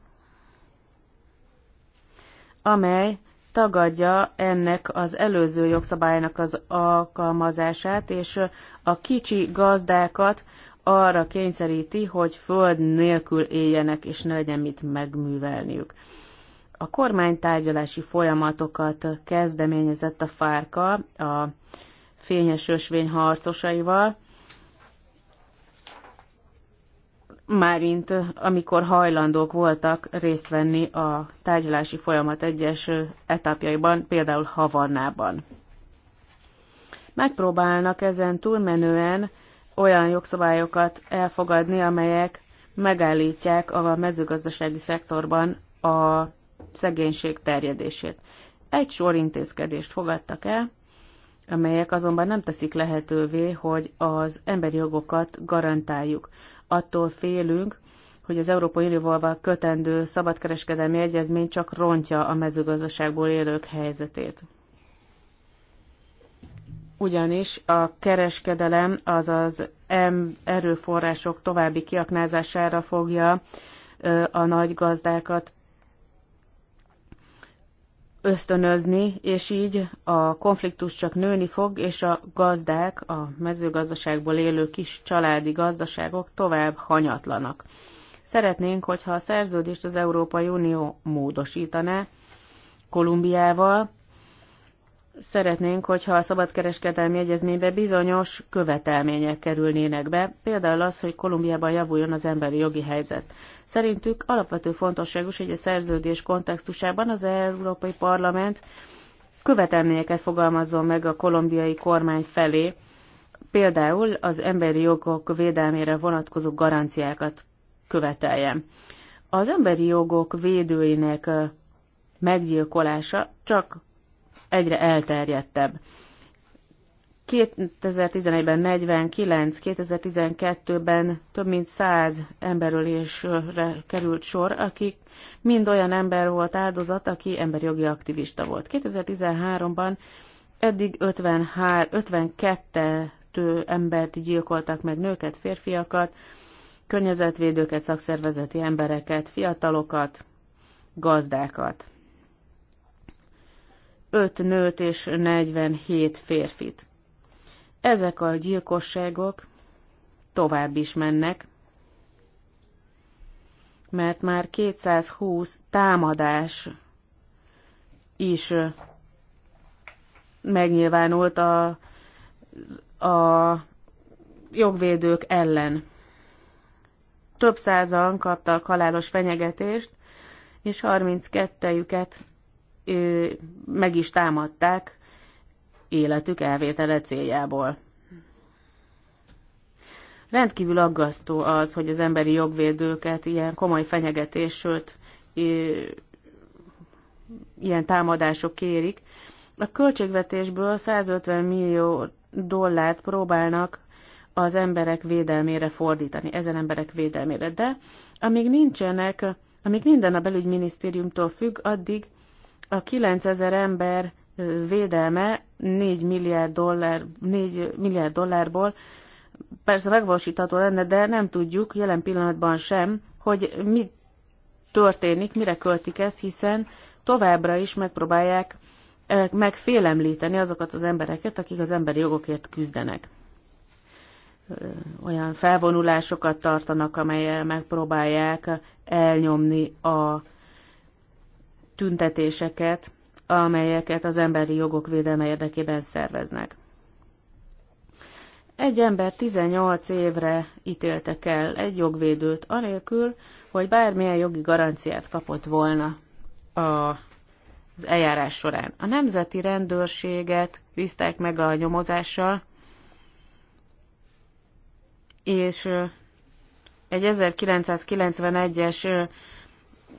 amely tagadja ennek az előző jogszabálynak az alkalmazását, és a kicsi gazdákat arra kényszeríti, hogy föld nélkül éljenek, és ne legyen mit megművelniük. A kormány tárgyalási folyamatokat kezdeményezett a fárka a fényes ösvény harcosaival, márint amikor hajlandók voltak részt venni a tárgyalási folyamat egyes etapjaiban, például Havannában. Megpróbálnak ezen túlmenően olyan jogszabályokat elfogadni, amelyek megállítják a mezőgazdasági szektorban a szegénység terjedését. Egy sor intézkedést fogadtak el, amelyek azonban nem teszik lehetővé, hogy az emberi jogokat garantáljuk attól félünk, hogy az Európai Unióval kötendő szabadkereskedelmi egyezmény csak rontja a mezőgazdaságból élők helyzetét. Ugyanis a kereskedelem, azaz erőforrások további kiaknázására fogja a nagy gazdákat ösztönözni, és így a konfliktus csak nőni fog, és a gazdák, a mezőgazdaságból élő kis családi gazdaságok tovább hanyatlanak. Szeretnénk, hogyha a szerződést az Európai Unió módosítaná Kolumbiával, szeretnénk, hogyha a szabadkereskedelmi egyezménybe bizonyos követelmények kerülnének be, például az, hogy Kolumbiában javuljon az emberi jogi helyzet. Szerintük alapvető fontosságú, hogy a szerződés kontextusában az Európai Parlament követelményeket fogalmazzon meg a kolumbiai kormány felé, például az emberi jogok védelmére vonatkozó garanciákat követeljen. Az emberi jogok védőinek meggyilkolása csak egyre elterjedtebb. 2011-ben 49, 2012-ben több mint 100 emberölésre került sor, akik mind olyan ember volt áldozat, aki emberjogi aktivista volt. 2013-ban eddig 53, 52 embert gyilkoltak meg, nőket, férfiakat, környezetvédőket, szakszervezeti embereket, fiatalokat, gazdákat. 5 nőt és 47 férfit. Ezek a gyilkosságok tovább is mennek, mert már 220 támadás is megnyilvánult a, a jogvédők ellen. Több százan kaptak halálos fenyegetést, és 32-jüket meg is támadták életük elvétele céljából. Rendkívül aggasztó az, hogy az emberi jogvédőket ilyen komoly fenyegetés, sőt, ilyen támadások kérik. A költségvetésből 150 millió dollárt próbálnak az emberek védelmére fordítani, ezen emberek védelmére. De amíg nincsenek, amíg minden a belügyminisztériumtól függ, addig a 9000 ember védelme 4 milliárd, dollár, 4 milliárd dollárból persze megvalósítható lenne, de nem tudjuk jelen pillanatban sem, hogy mi történik, mire költik ezt, hiszen továbbra is megpróbálják megfélemlíteni azokat az embereket, akik az emberi jogokért küzdenek. Olyan felvonulásokat tartanak, amelyel megpróbálják elnyomni a tüntetéseket, amelyeket az emberi jogok védelme érdekében szerveznek. Egy ember 18 évre ítéltek el egy jogvédőt, anélkül, hogy bármilyen jogi garanciát kapott volna a, az eljárás során. A nemzeti rendőrséget bízták meg a nyomozással, és egy 1991-es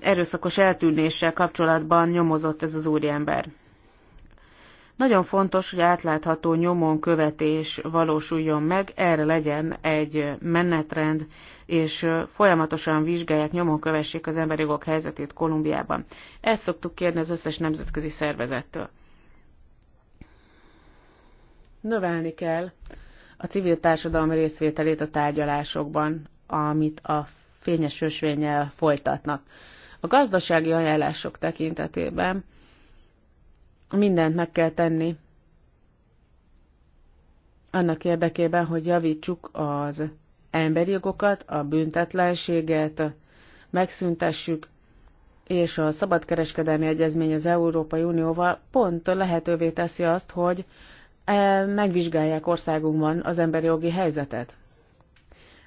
erőszakos eltűnéssel kapcsolatban nyomozott ez az úriember. Nagyon fontos, hogy átlátható nyomon követés valósuljon meg, erre legyen egy menetrend, és folyamatosan vizsgálják, nyomon kövessék az emberi jogok helyzetét Kolumbiában. Ezt szoktuk kérni az összes nemzetközi szervezettől. Növelni kell a civil társadalom részvételét a tárgyalásokban, amit a fényes ösvényel folytatnak. A gazdasági ajánlások tekintetében mindent meg kell tenni annak érdekében, hogy javítsuk az emberi jogokat, a büntetlenséget, megszüntessük, és a szabadkereskedelmi egyezmény az Európai Unióval pont lehetővé teszi azt, hogy e, megvizsgálják országunkban az emberi jogi helyzetet.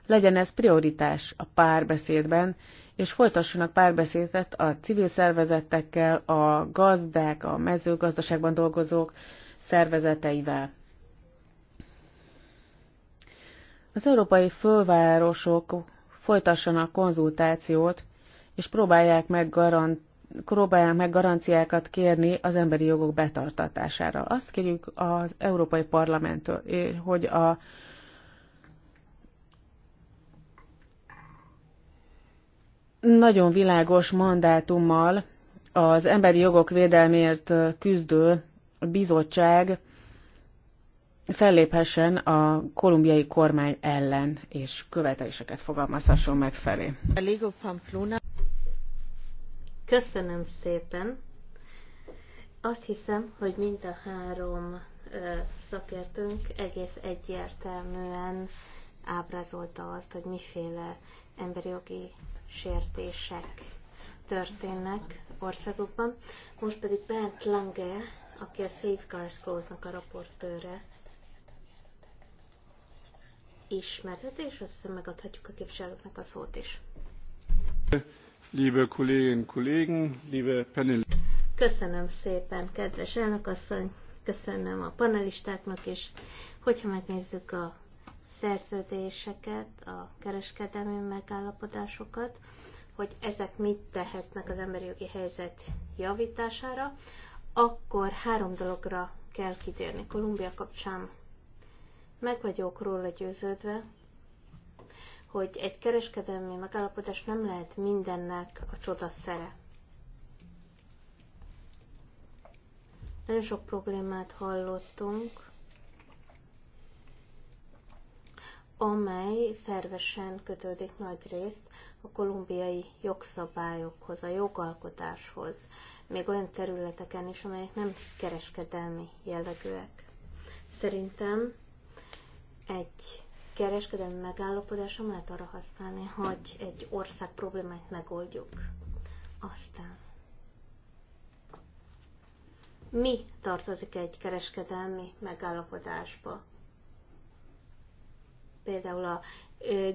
Legyen ez prioritás a párbeszédben, és folytassanak párbeszédet a civil szervezetekkel, a gazdák, a mezőgazdaságban dolgozók szervezeteivel. Az európai fővárosok folytassanak konzultációt, és próbálják meg, garant, próbálják meg garanciákat kérni az emberi jogok betartatására. Azt kérjük az Európai Parlamenttől, eh, hogy a nagyon világos mandátummal az emberi jogok védelmért küzdő bizottság felléphessen a kolumbiai kormány ellen, és követeléseket fogalmazhasson meg felé. Köszönöm szépen. Azt hiszem, hogy mind a három szakértőnk egész egyértelműen ábrázolta azt, hogy miféle emberi jogi sértések történnek országokban. Most pedig Bernd Lange, aki a Safeguards Clause-nak a raportőre, ismerhet és azt hiszem megadhatjuk a képviselőknek a szót is. Liebe Kolleginnen Kollegen, liebe Panel. Köszönöm szépen, kedves elnökasszony, köszönöm a panelistáknak és Hogyha megnézzük a szerződéseket, a kereskedelmi megállapodásokat, hogy ezek mit tehetnek az emberi jogi helyzet javítására, akkor három dologra kell kitérni Kolumbia kapcsán. Meg vagyok róla győződve, hogy egy kereskedelmi megállapodás nem lehet mindennek a csodaszere. Nagyon sok problémát hallottunk, amely szervesen kötődik nagy részt a kolumbiai jogszabályokhoz, a jogalkotáshoz, még olyan területeken is, amelyek nem kereskedelmi jellegűek. Szerintem egy kereskedelmi megállapodás nem lehet arra használni, hogy egy ország problémáit megoldjuk. Aztán mi tartozik egy kereskedelmi megállapodásba? például a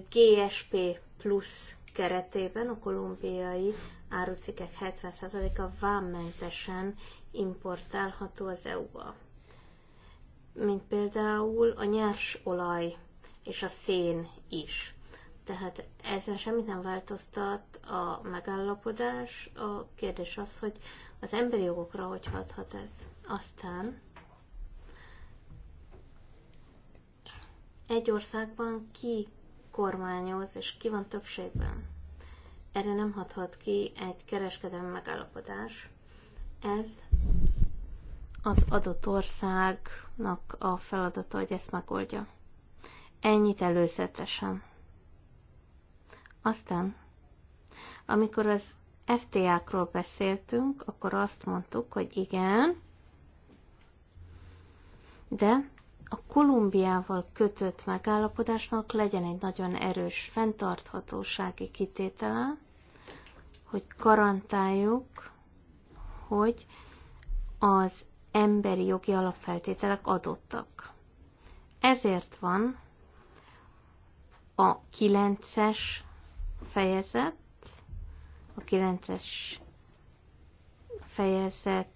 GSP plusz keretében a kolumbiai árucikek 70%-a vámmentesen importálható az EU-ba. Mint például a nyers olaj és a szén is. Tehát ezen semmit nem változtat a megállapodás. A kérdés az, hogy az emberi jogokra hogy hathat ez. Aztán egy országban ki kormányoz és ki van többségben. Erre nem hathat ki egy kereskedelmi megállapodás. Ez az adott országnak a feladata, hogy ezt megoldja. Ennyit előzetesen. Aztán, amikor az FTA-król beszéltünk, akkor azt mondtuk, hogy igen, de a Kolumbiával kötött megállapodásnak legyen egy nagyon erős fenntarthatósági kitétele, hogy garantáljuk, hogy az emberi jogi alapfeltételek adottak. Ezért van a 9-es fejezet, a 9-es fejezet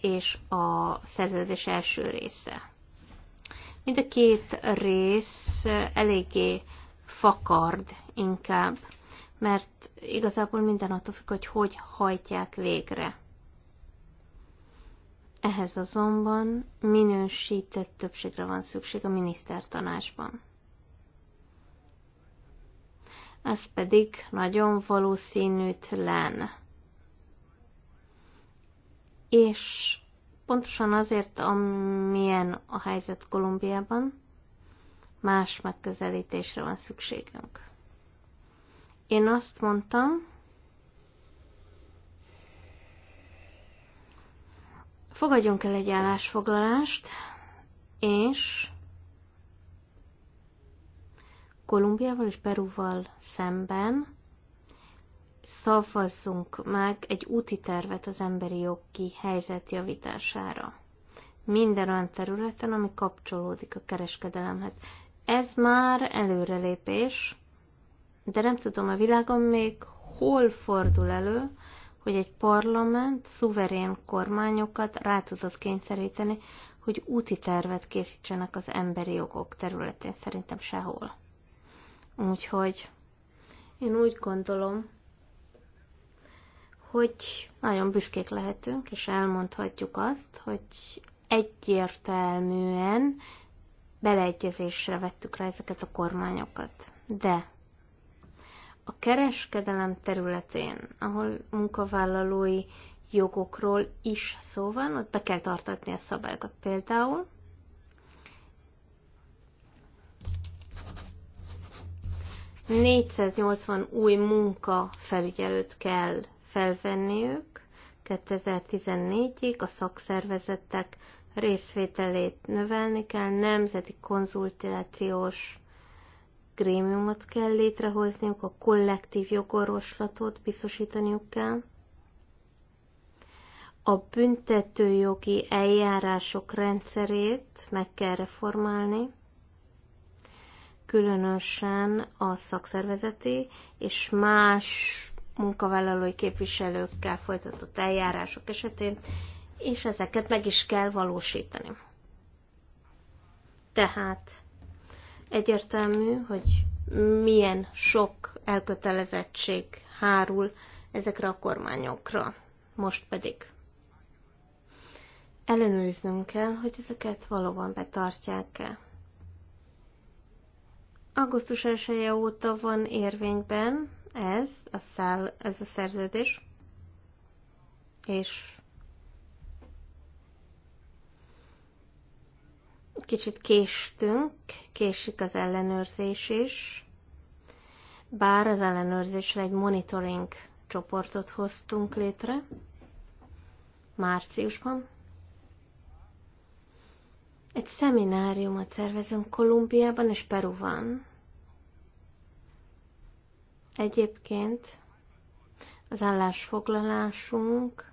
és a szerződés első része. Mind a két rész eléggé fakard inkább, mert igazából minden attól függ, hogy hogy hajtják végre. Ehhez azonban minősített többségre van szükség a minisztertanásban. Ez pedig nagyon valószínűtlen. És pontosan azért, amilyen a helyzet Kolumbiában, más megközelítésre van szükségünk. Én azt mondtam, fogadjunk el egy állásfoglalást, és Kolumbiával és Perúval szemben szavazzunk meg egy úti tervet az emberi jogi helyzet javítására. Minden olyan területen, ami kapcsolódik a kereskedelemhez. Ez már előrelépés, de nem tudom, a világon még hol fordul elő, hogy egy parlament szuverén kormányokat rá tudott kényszeríteni, hogy úti tervet készítsenek az emberi jogok területén, szerintem sehol. Úgyhogy én úgy gondolom, hogy nagyon büszkék lehetünk, és elmondhatjuk azt, hogy egyértelműen beleegyezésre vettük rá ezeket a kormányokat. De a kereskedelem területén, ahol munkavállalói jogokról is szó van, ott be kell tartatni a szabályokat. Például ...480 új munkafelügyelőt kell felvenniük 2014-ig a szakszervezetek részvételét növelni kell, nemzeti konzultációs grémiumot kell létrehozniuk, a kollektív jogorvoslatot biztosítaniuk kell. A büntetőjogi eljárások rendszerét meg kell reformálni, különösen a szakszervezeti és más munkavállalói képviselőkkel folytatott eljárások esetén, és ezeket meg is kell valósítani. Tehát egyértelmű, hogy milyen sok elkötelezettség hárul ezekre a kormányokra. Most pedig ellenőriznünk kell, hogy ezeket valóban betartják-e. Augusztus 1 -e óta van érvényben ez a, szál, ez a szerződés, és kicsit késtünk, késik az ellenőrzés is, bár az ellenőrzésre egy monitoring csoportot hoztunk létre márciusban. Egy szemináriumot szervezünk Kolumbiában és Peruban. Egyébként az állásfoglalásunk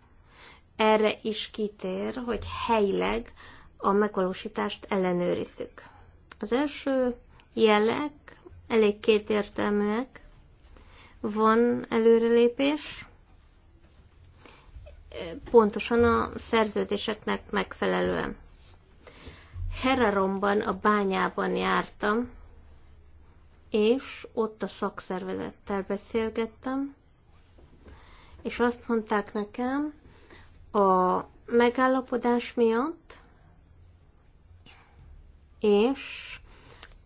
erre is kitér, hogy helyleg a megvalósítást ellenőrizzük. Az első jelek elég kétértelműek. Van előrelépés, pontosan a szerződéseknek megfelelően. Heraromban, a bányában jártam, és ott a szakszervezettel beszélgettem, és azt mondták nekem, a megállapodás miatt és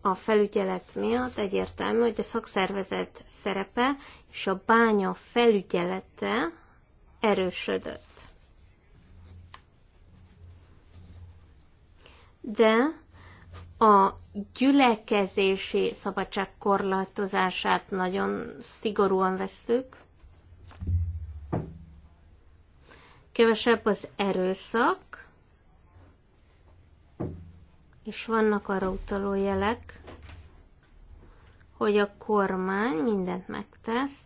a felügyelet miatt egyértelmű, hogy a szakszervezet szerepe és a bánya felügyelete erősödött. De a gyülekezési szabadság korlátozását nagyon szigorúan vesszük. Kevesebb az erőszak, és vannak arra utaló jelek, hogy a kormány mindent megtesz,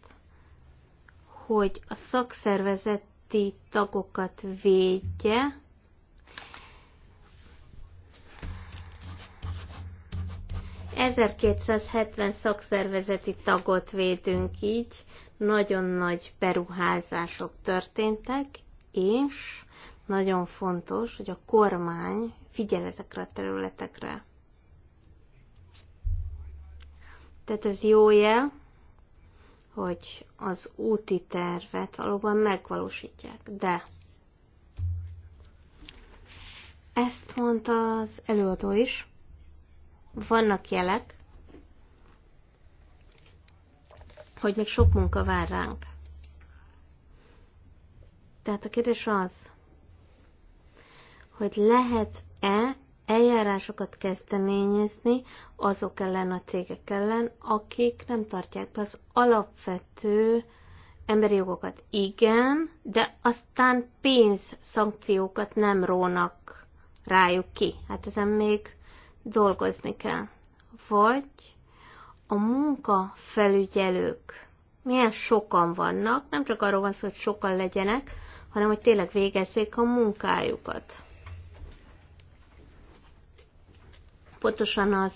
hogy a szakszervezeti tagokat védje, 1270 szakszervezeti tagot védünk így, nagyon nagy beruházások történtek, és nagyon fontos, hogy a kormány figyel ezekre a területekre. Tehát ez jó jel, hogy az úti tervet valóban megvalósítják. De ezt mondta az előadó is, vannak jelek, hogy még sok munka vár ránk. Tehát a kérdés az, hogy lehet-e eljárásokat kezdeményezni azok ellen a cégek ellen, akik nem tartják be az alapvető emberi jogokat. Igen, de aztán pénz szankciókat nem rónak rájuk ki. Hát ezen még dolgozni kell. Vagy a munkafelügyelők milyen sokan vannak, nem csak arról van szó, hogy sokan legyenek, hanem hogy tényleg végezzék a munkájukat. Pontosan az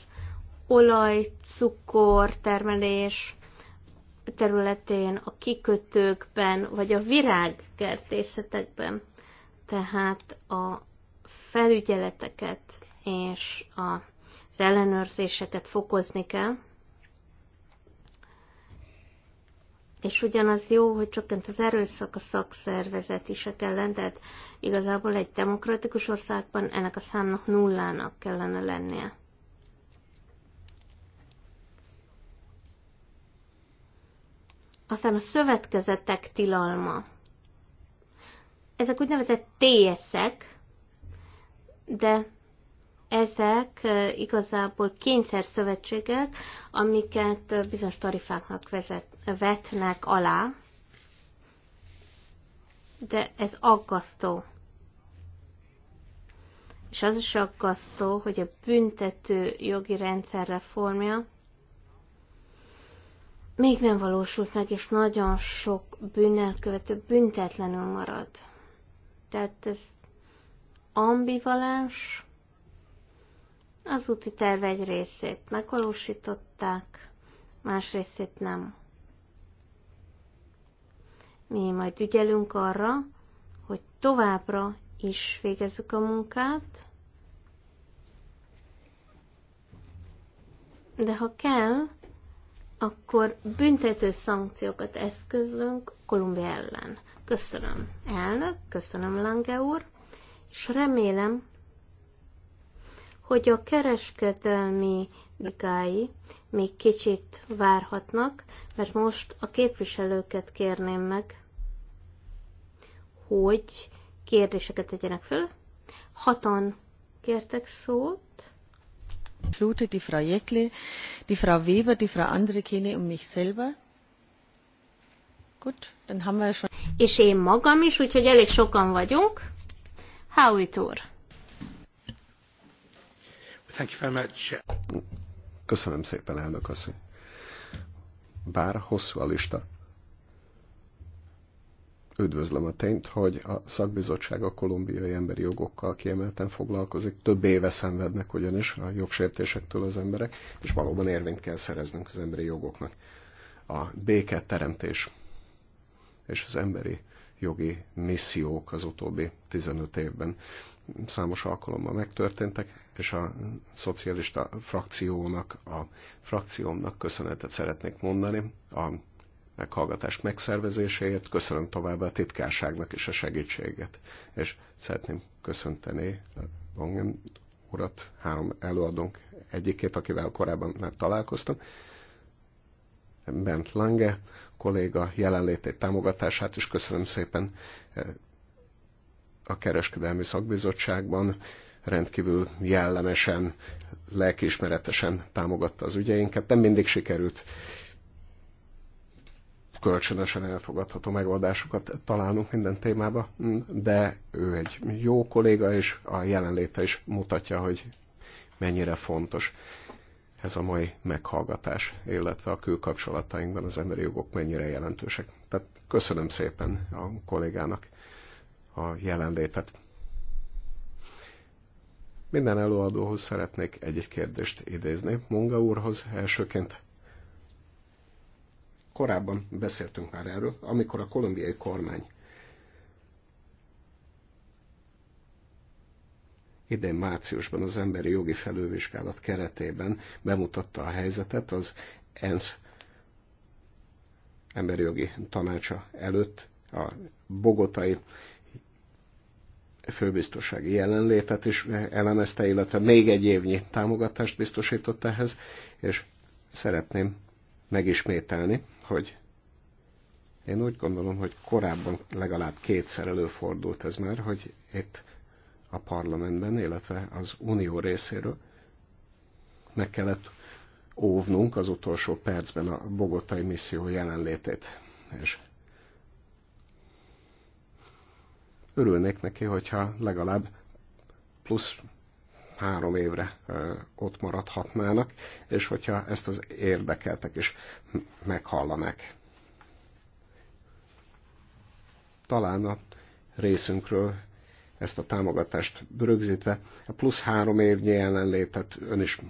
olaj, cukor, termelés területén, a kikötőkben, vagy a virágkertészetekben. Tehát a felügyeleteket és az ellenőrzéseket fokozni kell. És ugyanaz jó, hogy csökkent az erőszak a a ellen, tehát igazából egy demokratikus országban ennek a számnak nullának kellene lennie. Aztán a szövetkezetek tilalma. Ezek úgynevezett TS-ek, de ezek igazából kényszer szövetségek, amiket bizonyos tarifáknak vezet, vetnek alá, de ez aggasztó. És az is aggasztó, hogy a büntető jogi rendszer reformja még nem valósult meg, és nagyon sok követő büntetlenül marad. Tehát ez ambivalens, az úti terv egy részét megvalósították, más részét nem. Mi majd ügyelünk arra, hogy továbbra is végezzük a munkát, de ha kell, akkor büntető szankciókat eszközlünk Kolumbia ellen. Köszönöm, elnök, köszönöm, Lange úr, és remélem, hogy a kereskedelmi bigái még kicsit várhatnak, mert most a képviselőket kérném meg, hogy kérdéseket tegyenek föl. Hatan kértek szót. Klute, die Frau Jekle, die Frau Weber, die Frau Andrikene und mich selber. Gut, dann haben wir schon. És én magam is, úgyhogy elég sokan vagyunk. Howitt úr. Thank you very much. Köszönöm szépen, elnök asszony. Bár hosszú a lista, üdvözlöm a tényt, hogy a szakbizottság a kolumbiai emberi jogokkal kiemelten foglalkozik. Több éve szenvednek ugyanis a jogsértésektől az emberek, és valóban érvényt kell szereznünk az emberi jogoknak. A béketeremtés és az emberi jogi missziók az utóbbi 15 évben számos alkalommal megtörténtek, és a szocialista frakciónak, a frakciómnak köszönetet szeretnék mondani a meghallgatás megszervezéséért, köszönöm továbbá a titkárságnak is a segítséget, és szeretném köszönteni Longen urat, három előadónk egyikét, akivel korábban már találkoztam, Bent Lange kolléga jelenlétét, támogatását is köszönöm szépen, a Kereskedelmi Szakbizottságban rendkívül jellemesen, lelkiismeretesen támogatta az ügyeinket. Nem mindig sikerült kölcsönösen elfogadható megoldásokat találunk minden témába, de ő egy jó kolléga, és a jelenléte is mutatja, hogy mennyire fontos ez a mai meghallgatás, illetve a külkapcsolatainkban az emberi jogok mennyire jelentősek. Tehát köszönöm szépen a kollégának a jelenlétet. Minden előadóhoz szeretnék egy-egy kérdést idézni. Munga úrhoz elsőként. Korábban beszéltünk már erről, amikor a kolumbiai kormány idén márciusban az emberi jogi felővizsgálat keretében bemutatta a helyzetet az ENSZ emberi jogi tanácsa előtt a bogotai főbiztonsági jelenlétet is elemezte, illetve még egy évnyi támogatást biztosított ehhez, és szeretném megismételni, hogy én úgy gondolom, hogy korábban legalább kétszer előfordult ez már, hogy itt a parlamentben, illetve az unió részéről meg kellett óvnunk az utolsó percben a bogotai misszió jelenlétét. És Örülnék neki, hogyha legalább plusz három évre ott maradhatnának, és hogyha ezt az érdekeltek is meghallanák. Talán a részünkről ezt a támogatást rögzítve, a plusz három évnyi jelenlétet ön is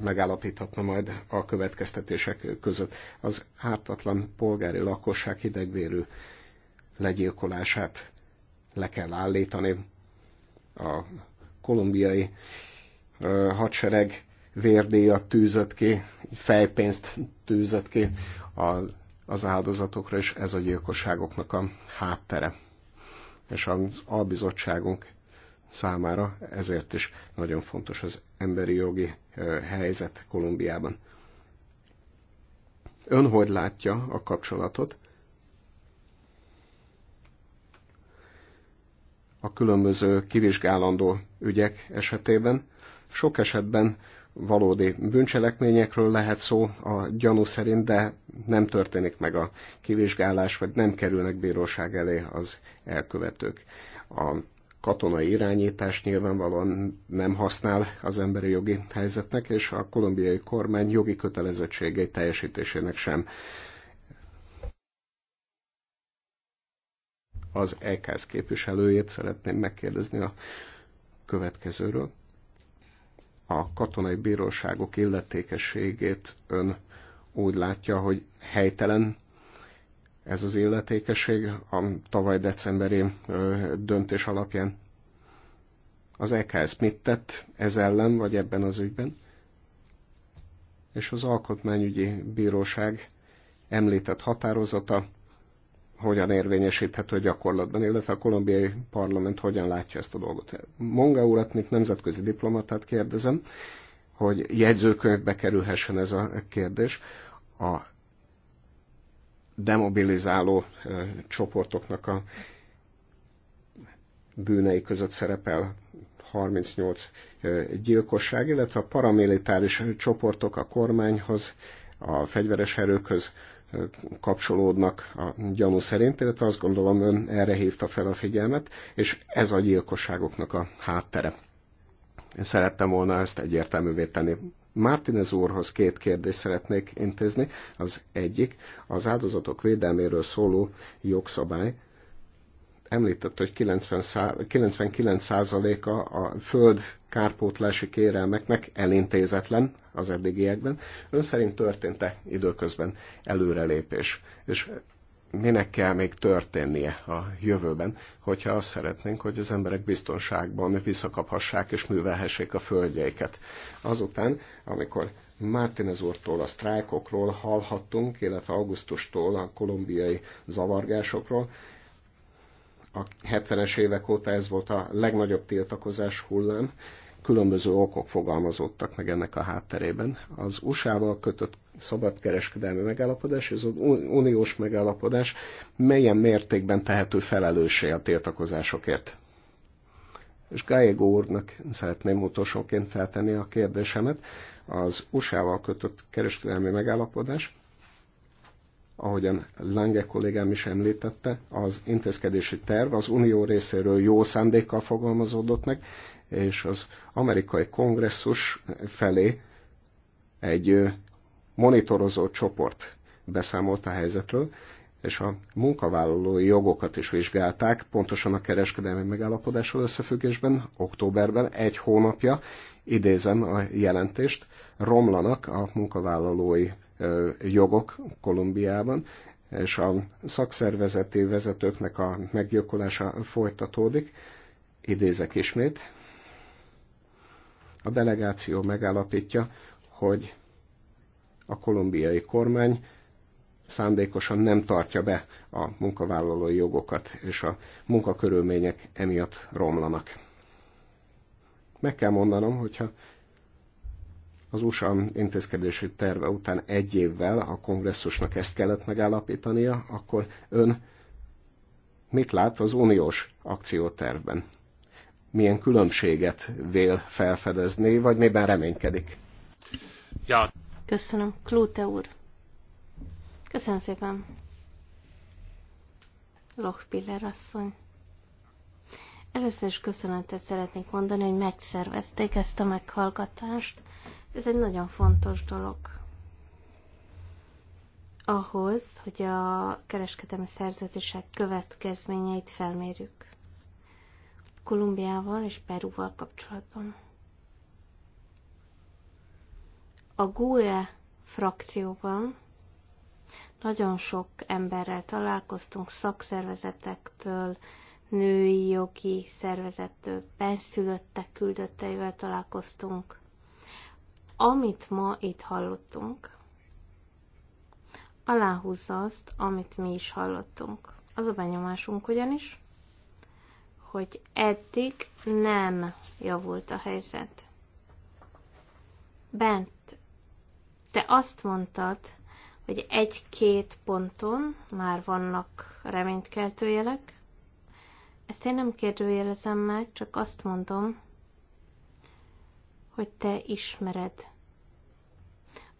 megállapíthatna majd a következtetések között. Az ártatlan polgári lakosság hidegvérű legyilkolását le kell állítani. A kolumbiai hadsereg vérdíjat tűzött ki, fejpénzt tűzött ki az áldozatokra, és ez a gyilkosságoknak a háttere. És az albizottságunk számára ezért is nagyon fontos az emberi jogi helyzet Kolumbiában. Ön hogy látja a kapcsolatot a különböző kivizsgálandó ügyek esetében. Sok esetben valódi bűncselekményekről lehet szó a gyanú szerint, de nem történik meg a kivizsgálás, vagy nem kerülnek bíróság elé az elkövetők. A katonai irányítás nyilvánvalóan nem használ az emberi jogi helyzetnek, és a kolumbiai kormány jogi kötelezettségei teljesítésének sem az EKS képviselőjét szeretném megkérdezni a következőről. A katonai bíróságok illetékességét ön úgy látja, hogy helytelen ez az illetékesség a tavaly decemberi döntés alapján. Az EKS mit tett ez ellen, vagy ebben az ügyben? És az Alkotmányügyi Bíróság említett határozata hogyan érvényesíthető gyakorlatban, illetve a kolumbiai parlament hogyan látja ezt a dolgot. Monga urat, hát mint nemzetközi diplomatát kérdezem, hogy jegyzőkönyvbe kerülhessen ez a kérdés. A demobilizáló csoportoknak a bűnei között szerepel 38 gyilkosság, illetve a paramilitáris csoportok a kormányhoz, a fegyveres erőkhöz kapcsolódnak a gyanú szerint, illetve azt gondolom ön erre hívta fel a figyelmet, és ez a gyilkosságoknak a háttere. Én szerettem volna ezt egyértelművé tenni. Martinez úrhoz két kérdést szeretnék intézni. Az egyik, az áldozatok védelméről szóló jogszabály említett, hogy 99%-a a föld kárpótlási kérelmeknek elintézetlen az eddigiekben. Ön szerint történt-e időközben előrelépés? És minek kell még történnie a jövőben, hogyha azt szeretnénk, hogy az emberek biztonságban visszakaphassák és művelhessék a földjeiket. Azután, amikor Martinez úrtól a sztrájkokról hallhattunk, illetve augusztustól a kolumbiai zavargásokról, a 70-es évek óta ez volt a legnagyobb tiltakozás hullám. Különböző okok fogalmazódtak meg ennek a hátterében. Az USA-val kötött szabadkereskedelmi megállapodás, ez az uniós megállapodás melyen mértékben tehető felelőssé a tiltakozásokért. És Gallego úrnak szeretném utolsóként feltenni a kérdésemet. Az USA-val kötött kereskedelmi megállapodás ahogyan Lange kollégám is említette, az intézkedési terv az unió részéről jó szándékkal fogalmazódott meg, és az amerikai kongresszus felé egy monitorozó csoport beszámolt a helyzetről, és a munkavállalói jogokat is vizsgálták, pontosan a kereskedelmi megállapodással összefüggésben, októberben egy hónapja, idézem a jelentést, romlanak a munkavállalói jogok Kolumbiában, és a szakszervezeti vezetőknek a meggyilkolása folytatódik. Idézek ismét. A delegáció megállapítja, hogy a kolumbiai kormány szándékosan nem tartja be a munkavállalói jogokat, és a munkakörülmények emiatt romlanak. Meg kell mondanom, hogyha az USA intézkedési terve után egy évvel a kongresszusnak ezt kellett megállapítania, akkor ön mit lát az uniós akciótervben? Milyen különbséget vél felfedezni, vagy miben reménykedik? Ja. Köszönöm. Klute úr. Köszönöm szépen. Lochpiller asszony. Először is köszönetet szeretnék mondani, hogy megszervezték ezt a meghallgatást, ez egy nagyon fontos dolog ahhoz, hogy a kereskedelmi szerződések következményeit felmérjük Kolumbiával és Perúval kapcsolatban. A GUE frakcióban nagyon sok emberrel találkoztunk, szakszervezetektől, női jogi szervezettől, benszülöttek küldötteivel találkoztunk, amit ma itt hallottunk, aláhúzza azt, amit mi is hallottunk. Az a benyomásunk ugyanis, hogy eddig nem javult a helyzet. Bent, te azt mondtad, hogy egy-két ponton már vannak reménykeltő jelek. Ezt én nem kérdőjelezem meg, csak azt mondom, hogy te ismered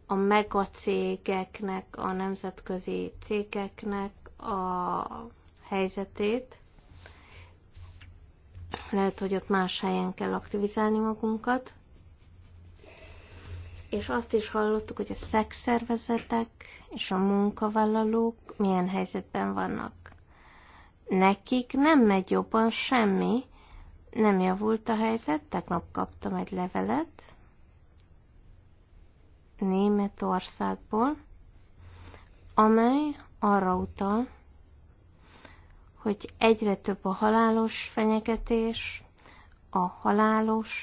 a megacégeknek, a nemzetközi cégeknek a helyzetét. Lehet, hogy ott más helyen kell aktivizálni magunkat. És azt is hallottuk, hogy a szexszervezetek és a munkavállalók milyen helyzetben vannak. Nekik nem megy jobban semmi, nem javult a helyzet, tegnap kaptam egy levelet Németországból, amely arra utal, hogy egyre több a halálos fenyegetés, a halálos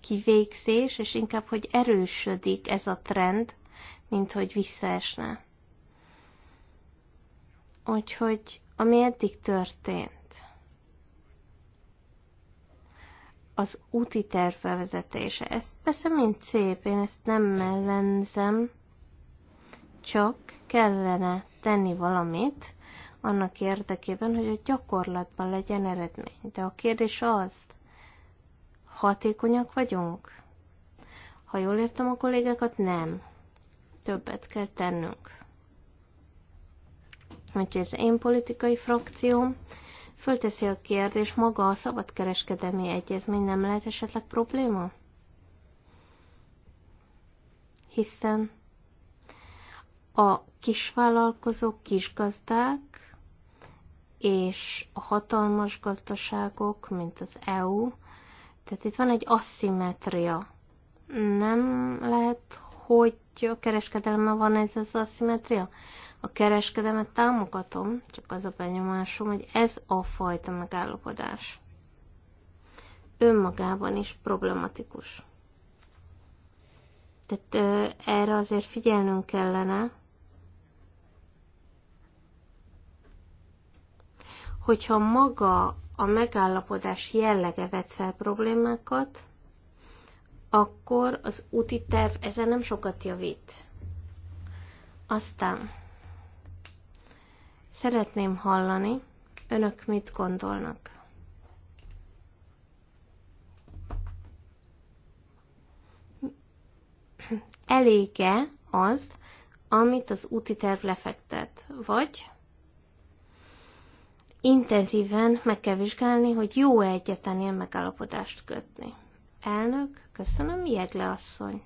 kivégzés, és inkább, hogy erősödik ez a trend, mint hogy visszaesne. Úgyhogy, ami eddig történt, az úti terv Ezt, persze mind szép, én ezt nem mellenzem, csak kellene tenni valamit annak érdekében, hogy a gyakorlatban legyen eredmény. De a kérdés az, hatékonyak vagyunk? Ha jól értem a kollégákat, nem. Többet kell tennünk. Úgyhogy az én politikai frakcióm Fölteszi a kérdés, maga a szabadkereskedelmi egyezmény nem lehet esetleg probléma? Hiszen a kisvállalkozók, kisgazdák és a hatalmas gazdaságok, mint az EU, tehát itt van egy asszimetria. Nem lehet, hogy a kereskedelme van ez az asszimetria? A kereskedemet támogatom, csak az a benyomásom, hogy ez a fajta megállapodás önmagában is problematikus. Tehát ö, erre azért figyelnünk kellene, hogyha maga a megállapodás jellege vet fel problémákat, akkor az úti terv ezen nem sokat javít. Aztán Szeretném hallani, önök mit gondolnak. Elége az, amit az úti terv lefektet, vagy intenzíven meg kell vizsgálni, hogy jó-e egyetlen ilyen megállapodást kötni. Elnök, köszönöm, Jegle asszony.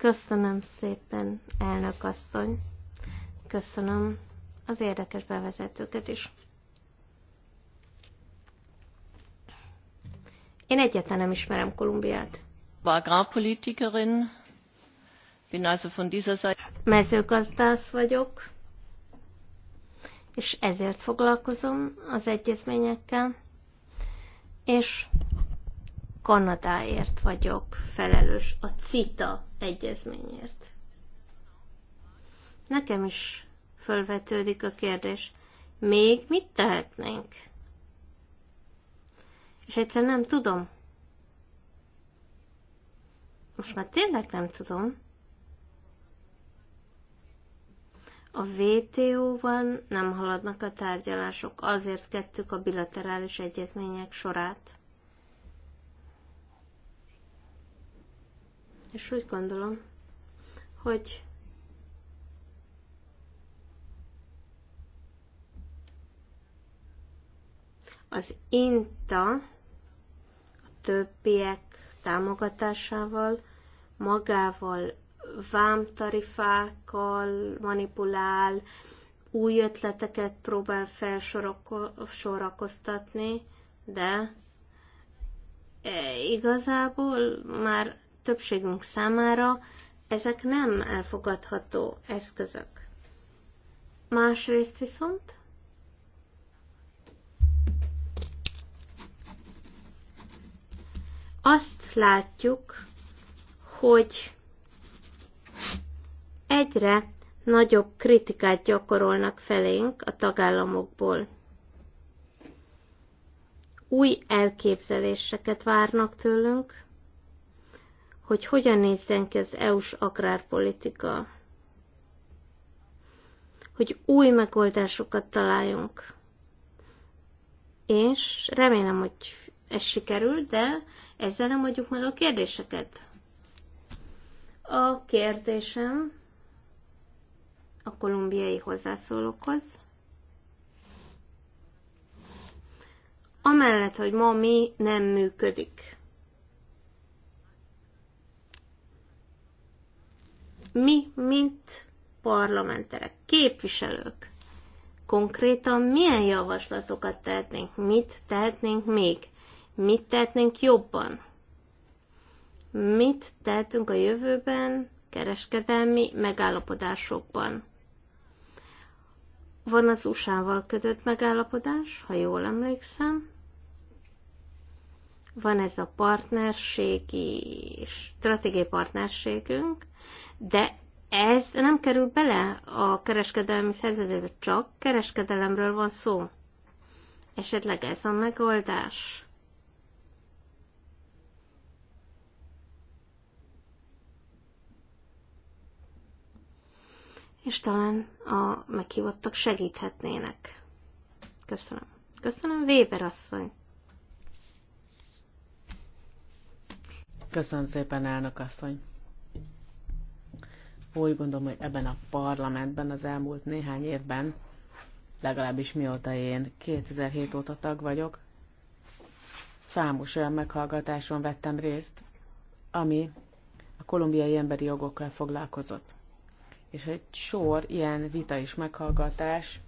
Köszönöm szépen, elnök asszony. Köszönöm az érdekes bevezetőket is. Én egyetlen nem ismerem Kolumbiát. Agrárpolitikerin, bin also von dieser Seite. Mezőgazdász vagyok, és ezért foglalkozom az egyezményekkel, és Kanadáért vagyok felelős, a CITA egyezményért. Nekem is fölvetődik a kérdés, még mit tehetnénk? És egyszer nem tudom. Most már tényleg nem tudom. A WTO-ban nem haladnak a tárgyalások, azért kezdtük a bilaterális egyezmények sorát. és úgy gondolom, hogy az INTA a többiek támogatásával, magával vámtarifákkal manipulál, új ötleteket próbál felsorakoztatni, de eh, igazából már többségünk számára ezek nem elfogadható eszközök. Másrészt viszont azt látjuk, hogy egyre nagyobb kritikát gyakorolnak felénk a tagállamokból. Új elképzeléseket várnak tőlünk, hogy hogyan nézzen ki az EU-s agrárpolitika, hogy új megoldásokat találjunk. És remélem, hogy ez sikerül, de ezzel nem adjuk meg a kérdéseket. A kérdésem a kolumbiai hozzászólókhoz. Amellett, hogy ma mi nem működik mi, mint parlamenterek, képviselők, konkrétan milyen javaslatokat tehetnénk, mit tehetnénk még, mit tehetnénk jobban, mit tehetünk a jövőben kereskedelmi megállapodásokban. Van az USA-val kötött megállapodás, ha jól emlékszem, van ez a partnerségi, stratégiai partnerségünk, de ez nem kerül bele a kereskedelmi szerződésbe, csak kereskedelemről van szó. Esetleg ez a megoldás. És talán a meghívottak segíthetnének. Köszönöm. Köszönöm, Weber asszony. Köszönöm szépen, elnök asszony. Úgy gondolom, hogy ebben a parlamentben az elmúlt néhány évben, legalábbis mióta én 2007 óta tag vagyok, számos olyan meghallgatáson vettem részt, ami a kolumbiai emberi jogokkal foglalkozott. És egy sor ilyen vita és meghallgatás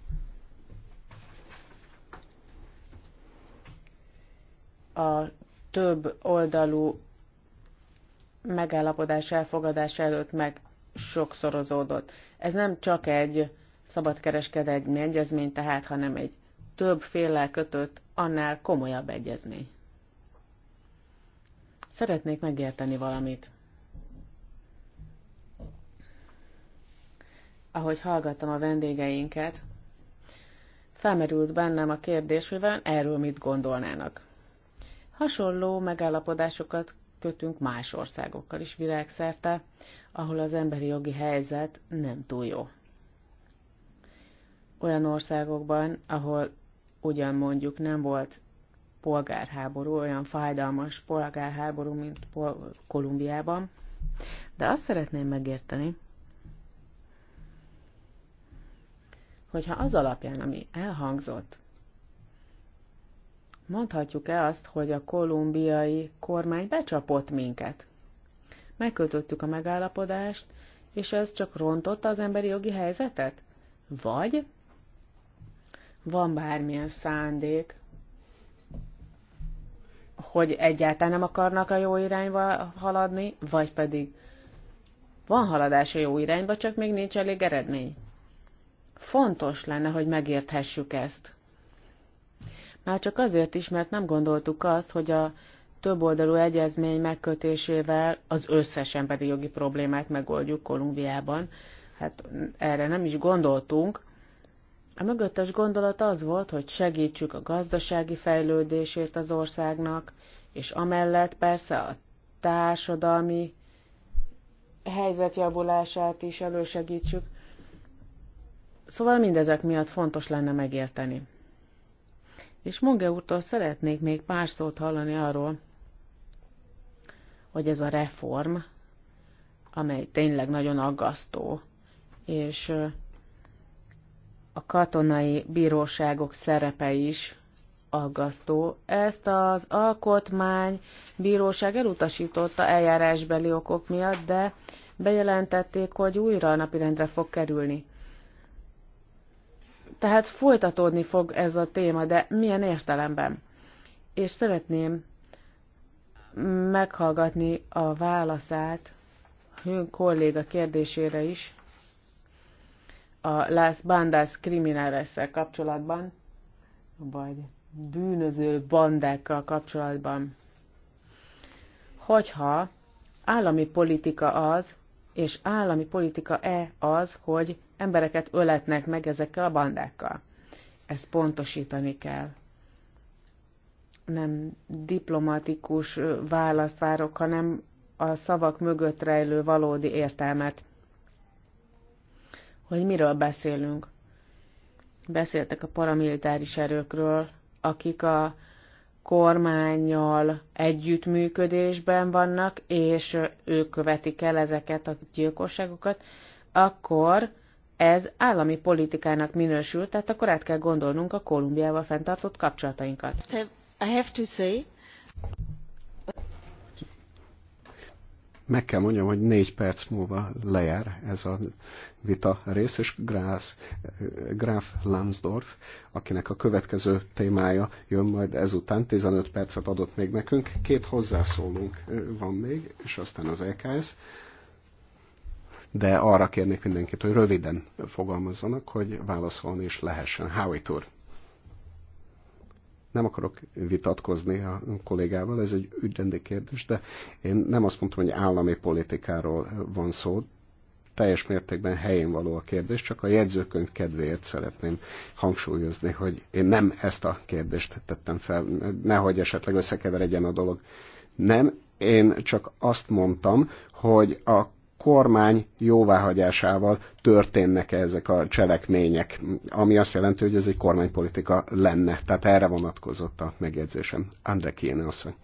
a több oldalú megállapodás elfogadása előtt meg sokszorozódott. Ez nem csak egy szabadkereskedelmi egyezmény tehát, hanem egy több féllel kötött, annál komolyabb egyezmény. Szeretnék megérteni valamit. Ahogy hallgattam a vendégeinket, felmerült bennem a kérdés, hogy erről mit gondolnának. Hasonló megállapodásokat kötünk más országokkal is világszerte, ahol az emberi jogi helyzet nem túl jó. Olyan országokban, ahol ugyan mondjuk nem volt polgárháború, olyan fájdalmas polgárháború, mint Pol- Kolumbiában, de azt szeretném megérteni, hogyha az alapján, ami elhangzott, Mondhatjuk-e azt, hogy a kolumbiai kormány becsapott minket? Megkötöttük a megállapodást, és ez csak rontotta az emberi jogi helyzetet? Vagy van bármilyen szándék, hogy egyáltalán nem akarnak a jó irányba haladni, vagy pedig van haladás a jó irányba, csak még nincs elég eredmény. Fontos lenne, hogy megérthessük ezt. Már csak azért is, mert nem gondoltuk azt, hogy a többoldalú egyezmény megkötésével az összes emberi jogi problémát megoldjuk Kolumbiában. Hát erre nem is gondoltunk. A mögöttes gondolat az volt, hogy segítsük a gazdasági fejlődését az országnak, és amellett persze a társadalmi helyzetjavulását is elősegítsük. Szóval mindezek miatt fontos lenne megérteni. És Monge úrtól szeretnék még pár szót hallani arról, hogy ez a reform, amely tényleg nagyon aggasztó, és a katonai bíróságok szerepe is aggasztó. Ezt az alkotmány bíróság elutasította eljárásbeli okok miatt, de bejelentették, hogy újra a napirendre fog kerülni. Tehát folytatódni fog ez a téma, de milyen értelemben? És szeretném meghallgatni a válaszát hűn, kolléga kérdésére is a Las Bandas kriminálesszel kapcsolatban, vagy bűnöző bandákkal kapcsolatban. Hogyha állami politika az, és állami politika-e az, hogy embereket öletnek meg ezekkel a bandákkal. Ezt pontosítani kell. Nem diplomatikus választ várok, hanem a szavak mögött rejlő valódi értelmet. Hogy miről beszélünk? Beszéltek a paramilitáris erőkről, akik a kormányjal együttműködésben vannak, és ők követik el ezeket a gyilkosságokat, akkor ez állami politikának minősül, tehát akkor át kell gondolnunk a Kolumbiával fenntartott kapcsolatainkat. I have to say. Meg kell mondjam, hogy négy perc múlva lejár ez a vita rész, és Grász, Graf Lambsdorff, akinek a következő témája jön majd ezután, 15 percet adott még nekünk, két hozzászólunk van még, és aztán az EKS de arra kérnék mindenkit, hogy röviden fogalmazzanak, hogy válaszolni is lehessen. Howitt úr. Nem akarok vitatkozni a kollégával, ez egy ügyrendi kérdés, de én nem azt mondtam, hogy állami politikáról van szó, teljes mértékben helyén való a kérdés, csak a jegyzőkönyv kedvéért szeretném hangsúlyozni, hogy én nem ezt a kérdést tettem fel, nehogy esetleg összekeveredjen a dolog. Nem, én csak azt mondtam, hogy a kormány jóváhagyásával történnek -e ezek a cselekmények, ami azt jelenti, hogy ez egy kormánypolitika lenne. Tehát erre vonatkozott a megjegyzésem. André Kéne asszony.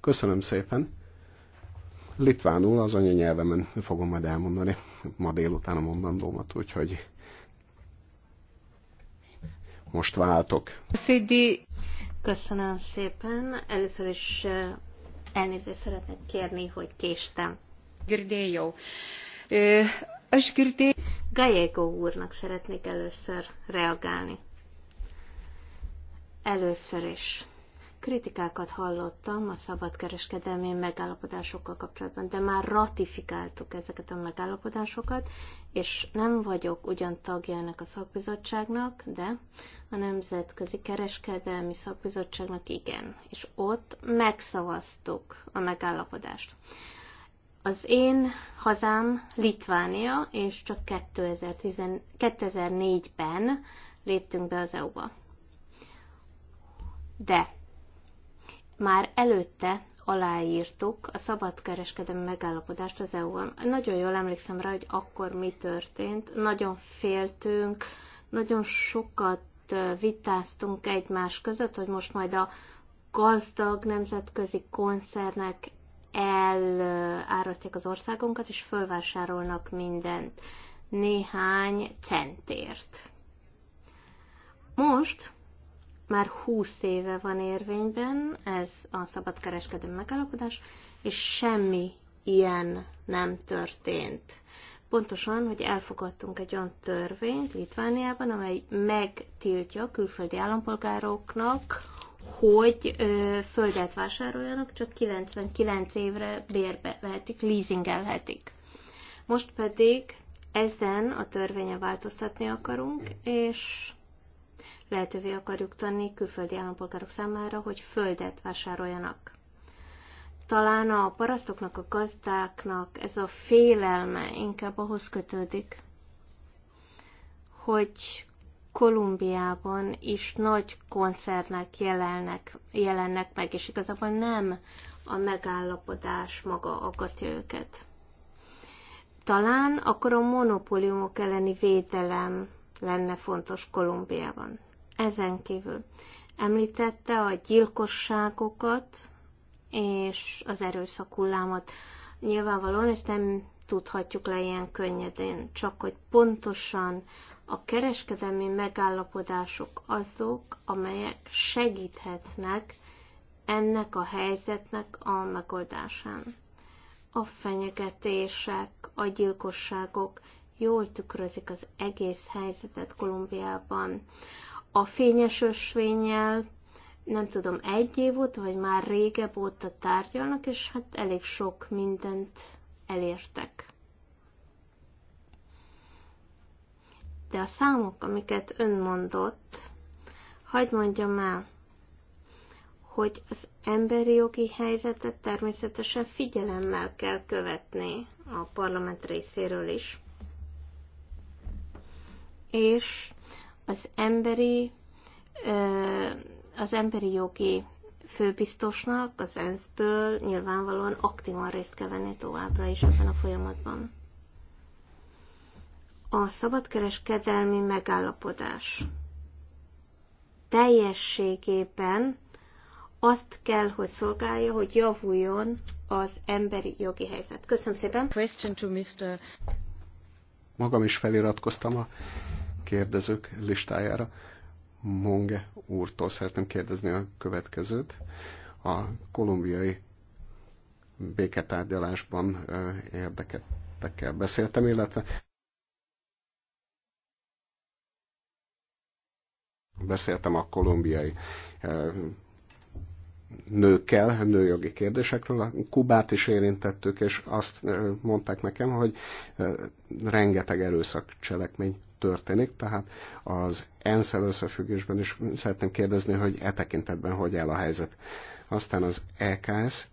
Köszönöm szépen. Litvánul az anyanyelvemen fogom majd elmondani ma délután a mondandómat, úgyhogy most váltok. Szidi, köszönöm szépen. Először is eh, elnézést szeretnék kérni, hogy késtem. Girdéjó. E, aš girdėjau. Gallego úrnak szeretnék először reagálni. Először is. Kritikákat hallottam a szabadkereskedelmi megállapodásokkal kapcsolatban, de már ratifikáltuk ezeket a megállapodásokat, és nem vagyok ugyan tagja ennek a szakbizottságnak, de a Nemzetközi Kereskedelmi Szakbizottságnak igen, és ott megszavaztuk a megállapodást. Az én hazám Litvánia, és csak 2004-ben léptünk be az EU-ba. De már előtte aláírtuk a szabadkereskedelmi megállapodást az EU-val. Nagyon jól emlékszem rá, hogy akkor mi történt. Nagyon féltünk, nagyon sokat vitáztunk egymás között, hogy most majd a gazdag nemzetközi koncernek elárasztják az országunkat, és fölvásárolnak mindent néhány centért. Most már 20 éve van érvényben ez a szabadkereskedelmi megállapodás, és semmi ilyen nem történt. Pontosan, hogy elfogadtunk egy olyan törvényt Litvániában, amely megtiltja külföldi állampolgároknak, hogy ö, földet vásároljanak, csak 99 évre bérbe vehetik, leasingelhetik. Most pedig ezen a törvénye változtatni akarunk, és lehetővé akarjuk tenni külföldi állampolgárok számára, hogy földet vásároljanak. Talán a parasztoknak, a gazdáknak ez a félelme inkább ahhoz kötődik, hogy Kolumbiában is nagy koncernek jelennek, jelennek meg, és igazából nem a megállapodás maga akadja őket. Talán akkor a monopóliumok elleni védelem lenne fontos Kolumbiában. Ezen kívül említette a gyilkosságokat és az erőszak hullámot. Nyilvánvalóan ezt nem tudhatjuk le ilyen könnyedén, csak hogy pontosan a kereskedelmi megállapodások azok, amelyek segíthetnek ennek a helyzetnek a megoldásán. A fenyegetések, a gyilkosságok jól tükrözik az egész helyzetet Kolumbiában. A fényes ösvényel nem tudom, egy év óta, vagy már régebb óta tárgyalnak, és hát elég sok mindent elértek. de a számok, amiket ön mondott, hagyd mondjam el, hogy az emberi jogi helyzetet természetesen figyelemmel kell követni a parlament részéről is. És az emberi, az emberi jogi főbiztosnak, az ENSZ-ből nyilvánvalóan aktívan részt kell venni továbbra is ebben a folyamatban a szabadkereskedelmi megállapodás teljességében azt kell, hogy szolgálja, hogy javuljon az emberi jogi helyzet. Köszönöm szépen. Question to Mr. Magam is feliratkoztam a kérdezők listájára. Monge úrtól szeretném kérdezni a következőt. A kolumbiai béketárgyalásban érdekeltekkel beszéltem, illetve beszéltem a kolumbiai eh, nőkkel, nőjogi kérdésekről, a Kubát is érintettük, és azt eh, mondták nekem, hogy eh, rengeteg erőszak cselekmény történik, tehát az ensz összefüggésben is szeretném kérdezni, hogy e tekintetben hogy áll a helyzet. Aztán az EKS,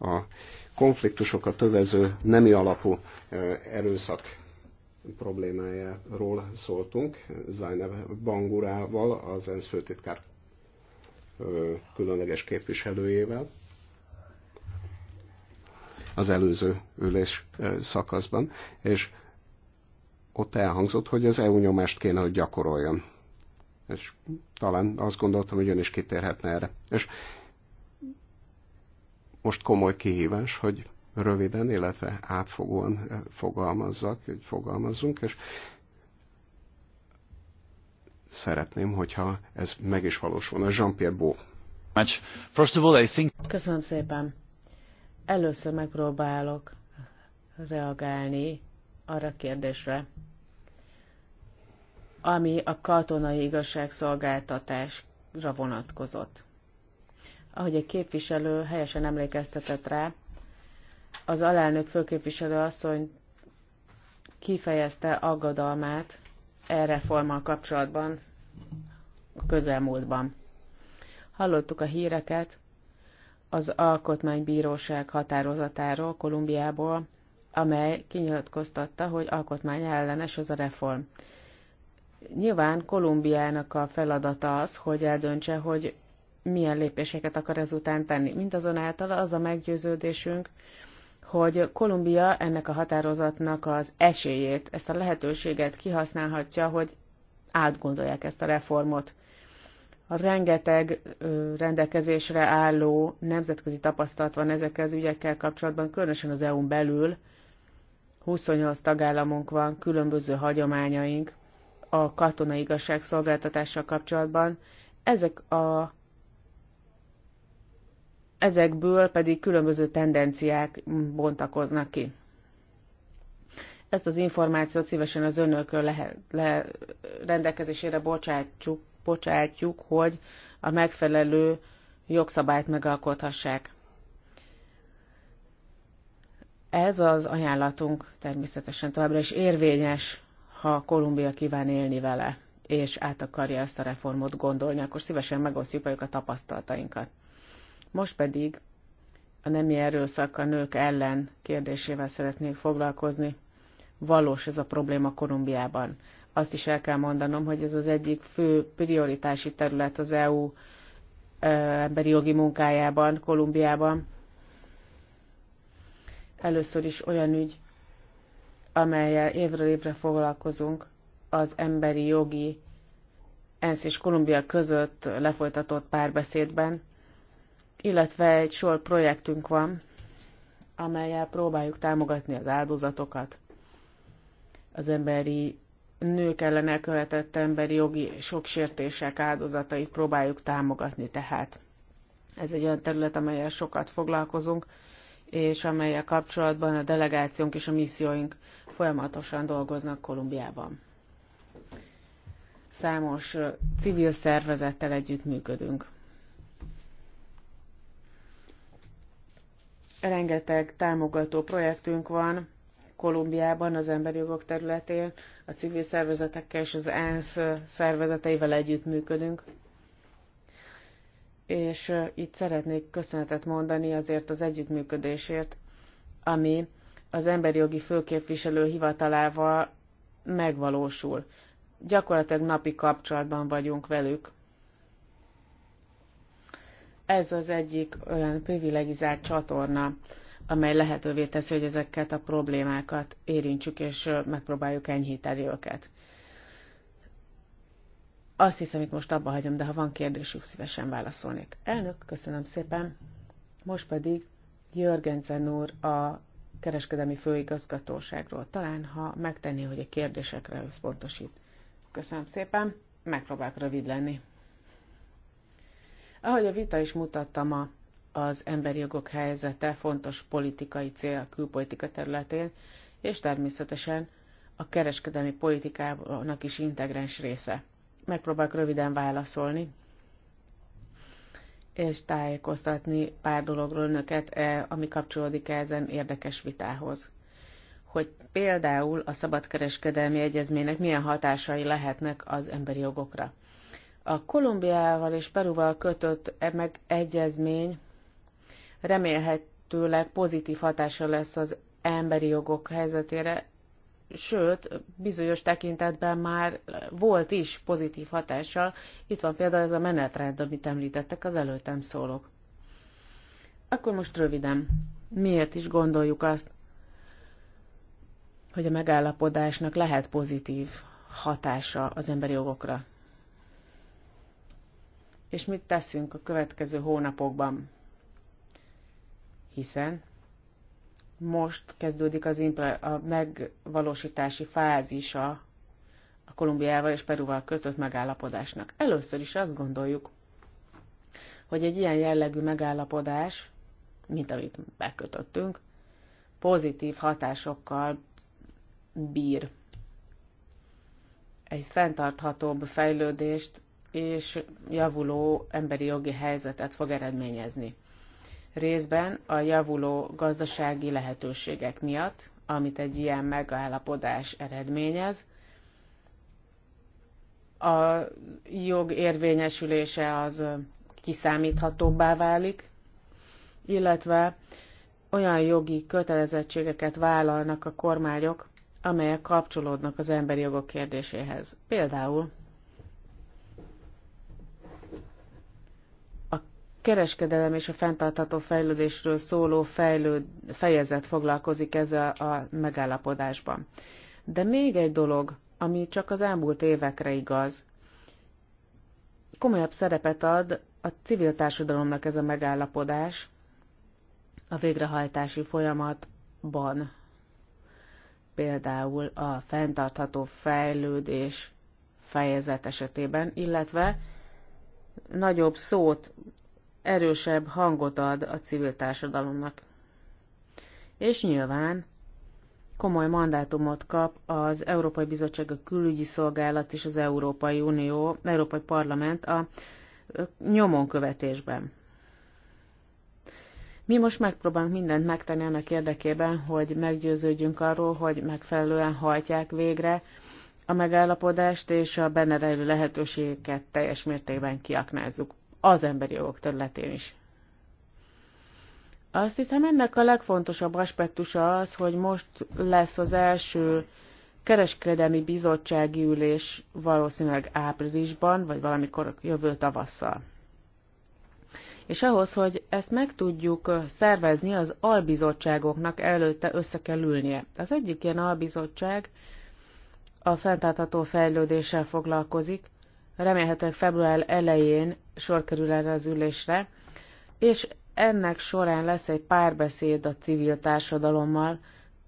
a konfliktusokat tövező nemi alapú erőszak problémájáról szóltunk Zajnev Bangurával, az ENSZ főtitkár különleges képviselőjével az előző ülés szakaszban, és ott elhangzott, hogy az EU nyomást kéne, hogy gyakoroljon. És talán azt gondoltam, hogy ön is kitérhetne erre. És most komoly kihívás, hogy röviden, illetve átfogóan eh, fogalmazzak, hogy fogalmazzunk, és szeretném, hogyha ez meg is valósulna. Jean-Pierre Beau. Köszönöm szépen. Először megpróbálok reagálni arra a kérdésre, ami a katonai igazságszolgáltatásra vonatkozott. Ahogy egy képviselő helyesen emlékeztetett rá, az alelnök főképviselő asszony kifejezte aggodalmát e reformmal kapcsolatban a közelmúltban. Hallottuk a híreket az Alkotmánybíróság határozatáról Kolumbiából, amely kinyilatkoztatta, hogy alkotmány ellenes az a reform. Nyilván Kolumbiának a feladata az, hogy eldöntse, hogy milyen lépéseket akar ezután tenni. Mindazonáltal az a meggyőződésünk, hogy Kolumbia ennek a határozatnak az esélyét, ezt a lehetőséget kihasználhatja, hogy átgondolják ezt a reformot. A rengeteg rendelkezésre álló nemzetközi tapasztalat van ezekkel az ügyekkel kapcsolatban, különösen az EU-n belül. 28 tagállamunk van, különböző hagyományaink a katonai igazságszolgáltatással kapcsolatban. Ezek a ezekből pedig különböző tendenciák bontakoznak ki. Ezt az információt szívesen az önök le, le, rendelkezésére bocsátjuk, bocsátjuk, hogy a megfelelő jogszabályt megalkothassák. Ez az ajánlatunk természetesen továbbra is érvényes, ha Kolumbia kíván élni vele, és át akarja ezt a reformot gondolni, akkor szívesen megosztjuk a tapasztalatainkat. Most pedig a nemi erőszak a nők ellen kérdésével szeretnék foglalkozni. Valós ez a probléma Kolumbiában. Azt is el kell mondanom, hogy ez az egyik fő prioritási terület az EU e, emberi jogi munkájában, Kolumbiában. Először is olyan ügy, amelyel évről évre foglalkozunk, az emberi jogi ENSZ és Kolumbia között lefolytatott párbeszédben, illetve egy sor projektünk van, amelyel próbáljuk támogatni az áldozatokat, az emberi nők ellen elkövetett emberi jogi soksértések áldozatait próbáljuk támogatni tehát. Ez egy olyan terület, amelyel sokat foglalkozunk, és amelyel kapcsolatban a delegációnk és a misszióink folyamatosan dolgoznak Kolumbiában. Számos civil szervezettel együttműködünk. Rengeteg támogató projektünk van Kolumbiában, az emberi jogok területén, a civil szervezetekkel és az ENSZ szervezeteivel együttműködünk. És itt szeretnék köszönetet mondani azért az együttműködésért, ami az emberi jogi főképviselő hivatalával megvalósul. Gyakorlatilag napi kapcsolatban vagyunk velük, ez az egyik olyan privilegizált csatorna, amely lehetővé teszi, hogy ezeket a problémákat érintsük, és megpróbáljuk enyhíteni őket. Azt hiszem, itt most abba hagyom, de ha van kérdésük, szívesen válaszolnék. Elnök, köszönöm szépen. Most pedig Jörgenzen úr a kereskedelmi főigazgatóságról. Talán, ha megtenné, hogy a kérdésekre összpontosít. Köszönöm szépen, megpróbálok rövid lenni. Ahogy a vita is mutatta ma, az emberi jogok helyzete fontos politikai cél a külpolitika területén, és természetesen a kereskedelmi politikának is integráns része. Megpróbálok röviden válaszolni, és tájékoztatni pár dologról önöket, e, ami kapcsolódik -e ezen érdekes vitához. Hogy például a szabadkereskedelmi egyezménynek milyen hatásai lehetnek az emberi jogokra. A Kolumbiával és Peruval kötött e meg egyezmény remélhetőleg pozitív hatása lesz az emberi jogok helyzetére, sőt, bizonyos tekintetben már volt is pozitív hatása. Itt van például ez a menetrend, amit említettek az előttem szólók. Akkor most röviden. Miért is gondoljuk azt, hogy a megállapodásnak lehet pozitív hatása az emberi jogokra? és mit teszünk a következő hónapokban. Hiszen most kezdődik az a megvalósítási fázisa a Kolumbiával és Peruval kötött megállapodásnak. Először is azt gondoljuk, hogy egy ilyen jellegű megállapodás, mint amit bekötöttünk, pozitív hatásokkal bír. Egy fenntarthatóbb fejlődést és javuló emberi jogi helyzetet fog eredményezni. Részben a javuló gazdasági lehetőségek miatt, amit egy ilyen megállapodás eredményez, a jog érvényesülése az kiszámíthatóbbá válik, illetve olyan jogi kötelezettségeket vállalnak a kormányok, amelyek kapcsolódnak az emberi jogok kérdéséhez. Például kereskedelem és a fenntartható fejlődésről szóló fejlőd, fejezet foglalkozik ezzel a megállapodásban. De még egy dolog, ami csak az elmúlt évekre igaz. Komolyabb szerepet ad a civil társadalomnak ez a megállapodás a végrehajtási folyamatban. Például a fenntartható fejlődés fejezet esetében, illetve nagyobb szót erősebb hangot ad a civil társadalomnak. És nyilván komoly mandátumot kap az Európai Bizottság, a Külügyi Szolgálat és az Európai Unió, Európai Parlament a nyomon követésben. Mi most megpróbálunk mindent megtenni annak érdekében, hogy meggyőződjünk arról, hogy megfelelően hajtják végre a megállapodást, és a benne rejlő lehetőségeket teljes mértékben kiaknázzuk az emberi jogok területén is. Azt hiszem ennek a legfontosabb aspektusa az, hogy most lesz az első kereskedelmi bizottsági ülés valószínűleg áprilisban, vagy valamikor jövő tavasszal. És ahhoz, hogy ezt meg tudjuk szervezni, az albizottságoknak előtte össze kell ülnie. Az egyik ilyen albizottság a fenntartható fejlődéssel foglalkozik, remélhetőleg február elején sor kerül erre az ülésre, és ennek során lesz egy párbeszéd a civil társadalommal,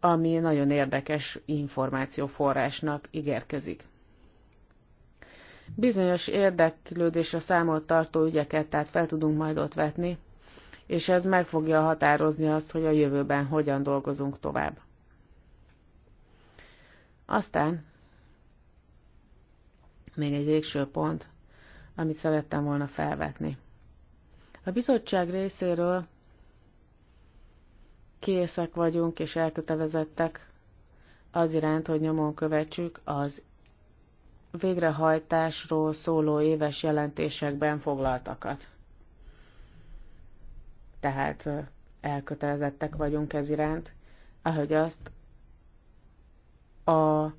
ami nagyon érdekes információforrásnak ígérkezik. Bizonyos érdeklődésre számolt tartó ügyeket tehát fel tudunk majd ott vetni, és ez meg fogja határozni azt, hogy a jövőben hogyan dolgozunk tovább. Aztán még egy végső pont, amit szerettem volna felvetni. A bizottság részéről készek vagyunk és elkötelezettek az iránt, hogy nyomon követsük az végrehajtásról szóló éves jelentésekben foglaltakat. Tehát elkötelezettek vagyunk ez iránt, ahogy azt a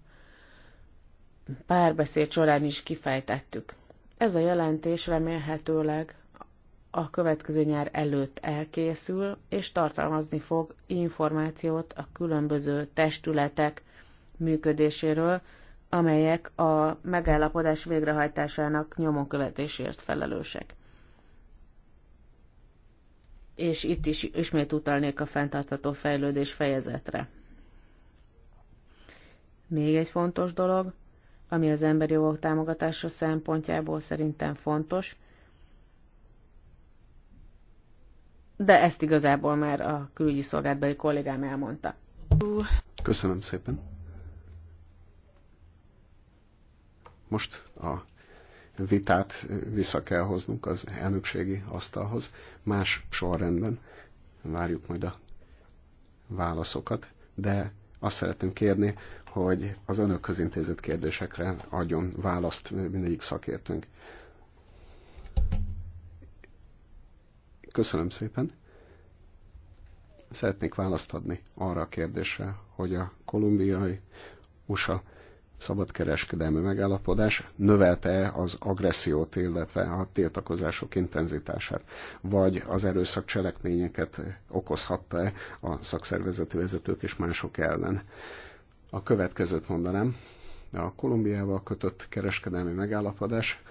párbeszéd során is kifejtettük. Ez a jelentés remélhetőleg a következő nyár előtt elkészül, és tartalmazni fog információt a különböző testületek működéséről, amelyek a megállapodás végrehajtásának nyomon követésért felelősek. És itt is ismét utalnék a fenntartható fejlődés fejezetre. Még egy fontos dolog, ami az emberi jogok támogatása szempontjából szerintem fontos. De ezt igazából már a külügyi szolgáltbeli kollégám elmondta. Köszönöm szépen. Most a vitát vissza kell hoznunk az elnökségi asztalhoz. Más sorrendben várjuk majd a válaszokat, de azt szeretném kérni, hogy az önök közintézett kérdésekre adjon választ mindegyik szakértőnk. Köszönöm szépen. Szeretnék választ adni arra a kérdésre, hogy a kolumbiai USA szabadkereskedelmi megállapodás növelte az agressziót, illetve a tiltakozások intenzitását, vagy az erőszak cselekményeket okozhatta-e a szakszervezeti vezetők és mások ellen a következőt mondanám. A Kolumbiával kötött kereskedelmi megállapodás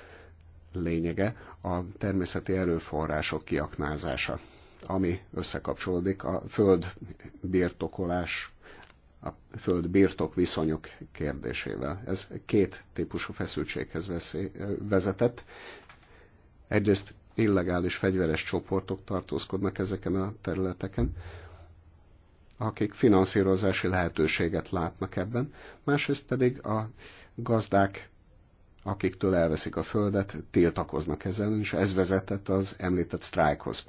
lényege a természeti erőforrások kiaknázása, ami összekapcsolódik a föld birtokolás, a föld birtok viszonyok kérdésével. Ez két típusú feszültséghez vezetett. Egyrészt illegális fegyveres csoportok tartózkodnak ezeken a területeken, akik finanszírozási lehetőséget látnak ebben, másrészt pedig a gazdák, akiktől elveszik a földet, tiltakoznak ezen, és ez vezetett az említett sztrájkhoz.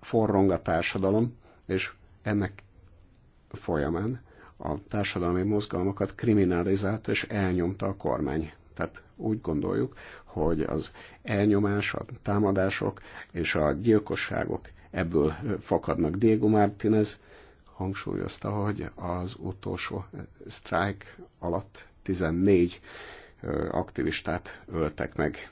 Forrong a társadalom, és ennek folyamán a társadalmi mozgalmakat kriminalizálta és elnyomta a kormány. Tehát úgy gondoljuk, hogy az elnyomás, a támadások és a gyilkosságok ebből fakadnak. Diego Martínez hangsúlyozta, hogy az utolsó sztrájk alatt 14 aktivistát öltek meg.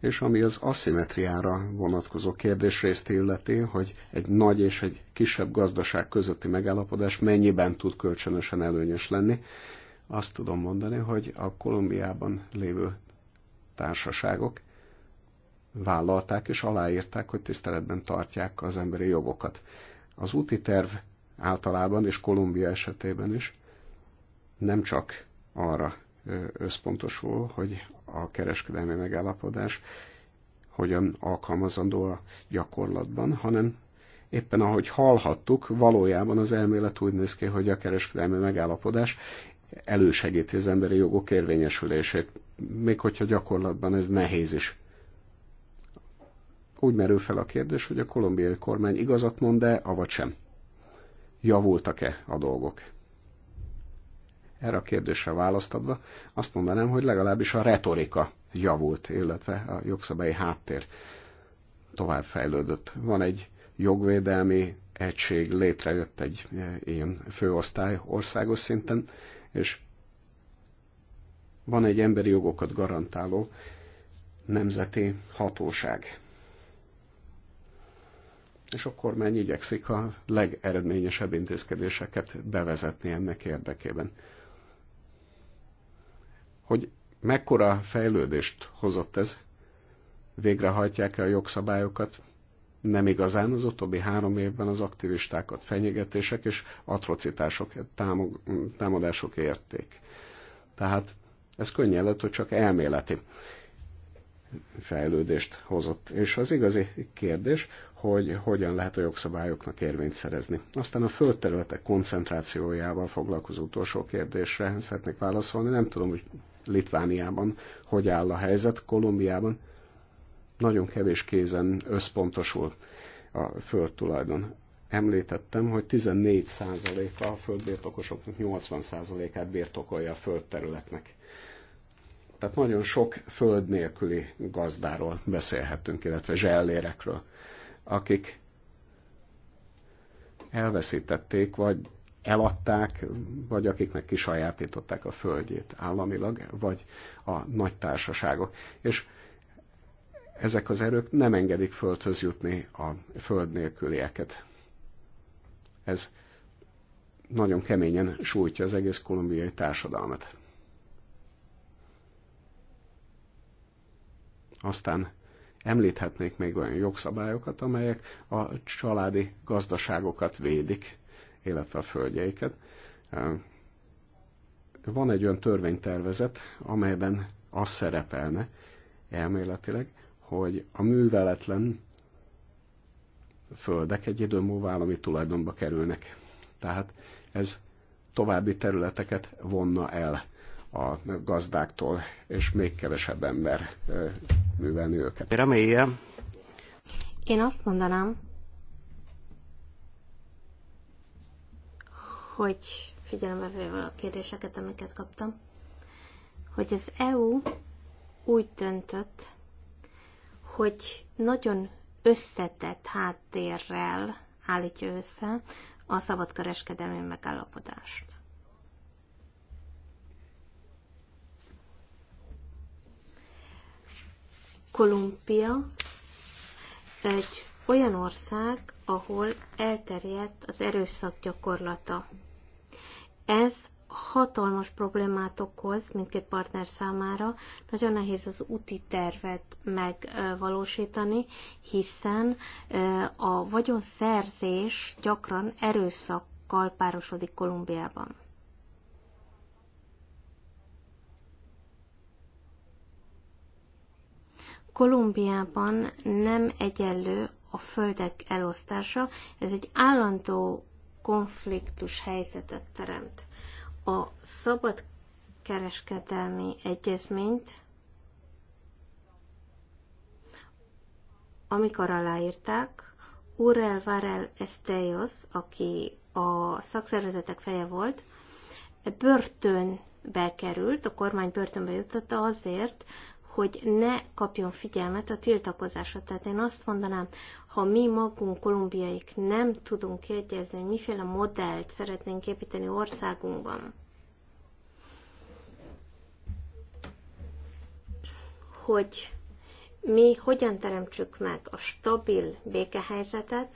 és ami az aszimetriára vonatkozó kérdésrészt illeti, hogy egy nagy és egy kisebb gazdaság közötti megállapodás mennyiben tud kölcsönösen előnyös lenni azt tudom mondani, hogy a Kolumbiában lévő társaságok vállalták és aláírták, hogy tiszteletben tartják az emberi jogokat. Az úti terv általában és Kolumbia esetében is nem csak arra összpontosul, hogy a kereskedelmi megállapodás hogyan alkalmazandó a gyakorlatban, hanem éppen ahogy hallhattuk, valójában az elmélet úgy néz ki, hogy a kereskedelmi megállapodás elősegíti az emberi jogok érvényesülését, még hogyha gyakorlatban ez nehéz is. Úgy merül fel a kérdés, hogy a kolumbiai kormány igazat mond-e, avagy sem. Javultak-e a dolgok? Erre a kérdésre választadva azt mondanám, hogy legalábbis a retorika javult, illetve a jogszabályi háttér fejlődött. Van egy jogvédelmi egység, létrejött egy eh, ilyen főosztály országos szinten, és van egy emberi jogokat garantáló nemzeti hatóság. És a kormány igyekszik a legeredményesebb intézkedéseket bevezetni ennek érdekében. Hogy mekkora fejlődést hozott ez, végrehajtják-e a jogszabályokat, nem igazán az utóbbi három évben az aktivistákat fenyegetések és atrocitások, támog, támadások érték. Tehát ez könnyen lett, hogy csak elméleti fejlődést hozott. És az igazi kérdés, hogy hogyan lehet a jogszabályoknak érvényt szerezni. Aztán a földterületek koncentrációjával foglalkozó utolsó kérdésre szeretnék válaszolni. Nem tudom, hogy Litvániában hogy áll a helyzet, Kolumbiában nagyon kevés kézen összpontosul a földtulajdon. Említettem, hogy 14%-a a földbirtokosoknak 80%-át birtokolja a földterületnek. Tehát nagyon sok föld nélküli gazdáról beszélhetünk, illetve zsellérekről, akik elveszítették, vagy eladták, vagy akiknek kisajátították a földjét államilag, vagy a nagy társaságok. És ezek az erők nem engedik földhöz jutni a föld nélkülieket. Ez nagyon keményen sújtja az egész kolumbiai társadalmat. Aztán említhetnék még olyan jogszabályokat, amelyek a családi gazdaságokat védik, illetve a földjeiket. Van egy olyan törvénytervezet, amelyben az szerepelne elméletileg, hogy a műveletlen földek egy idő múlva állami tulajdonba kerülnek. Tehát ez további területeket vonna el a gazdáktól, és még kevesebb ember művelni őket. Reméljem. Én azt mondanám, hogy figyelembe véve a kérdéseket, amiket kaptam, hogy az EU úgy döntött, hogy nagyon összetett háttérrel állítja össze a szabadkereskedelmi megállapodást. Kolumbia egy olyan ország, ahol elterjedt az erőszak gyakorlata. Ez hatalmas problémát okoz mindkét partner számára. Nagyon nehéz az úti tervet megvalósítani, hiszen a vagyonszerzés gyakran erőszakkal párosodik Kolumbiában. Kolumbiában nem egyenlő a földek elosztása, ez egy állandó konfliktus helyzetet teremt a szabad kereskedelmi egyezményt, amikor aláírták, Urel Varel Esteios, aki a szakszervezetek feje volt, börtönbe került, a kormány börtönbe juttatta azért, hogy ne kapjon figyelmet a tiltakozásra. Tehát én azt mondanám, ha mi magunk, kolumbiaik nem tudunk kiegyezni, hogy miféle modellt szeretnénk építeni országunkban, hogy mi hogyan teremtsük meg a stabil békehelyzetet,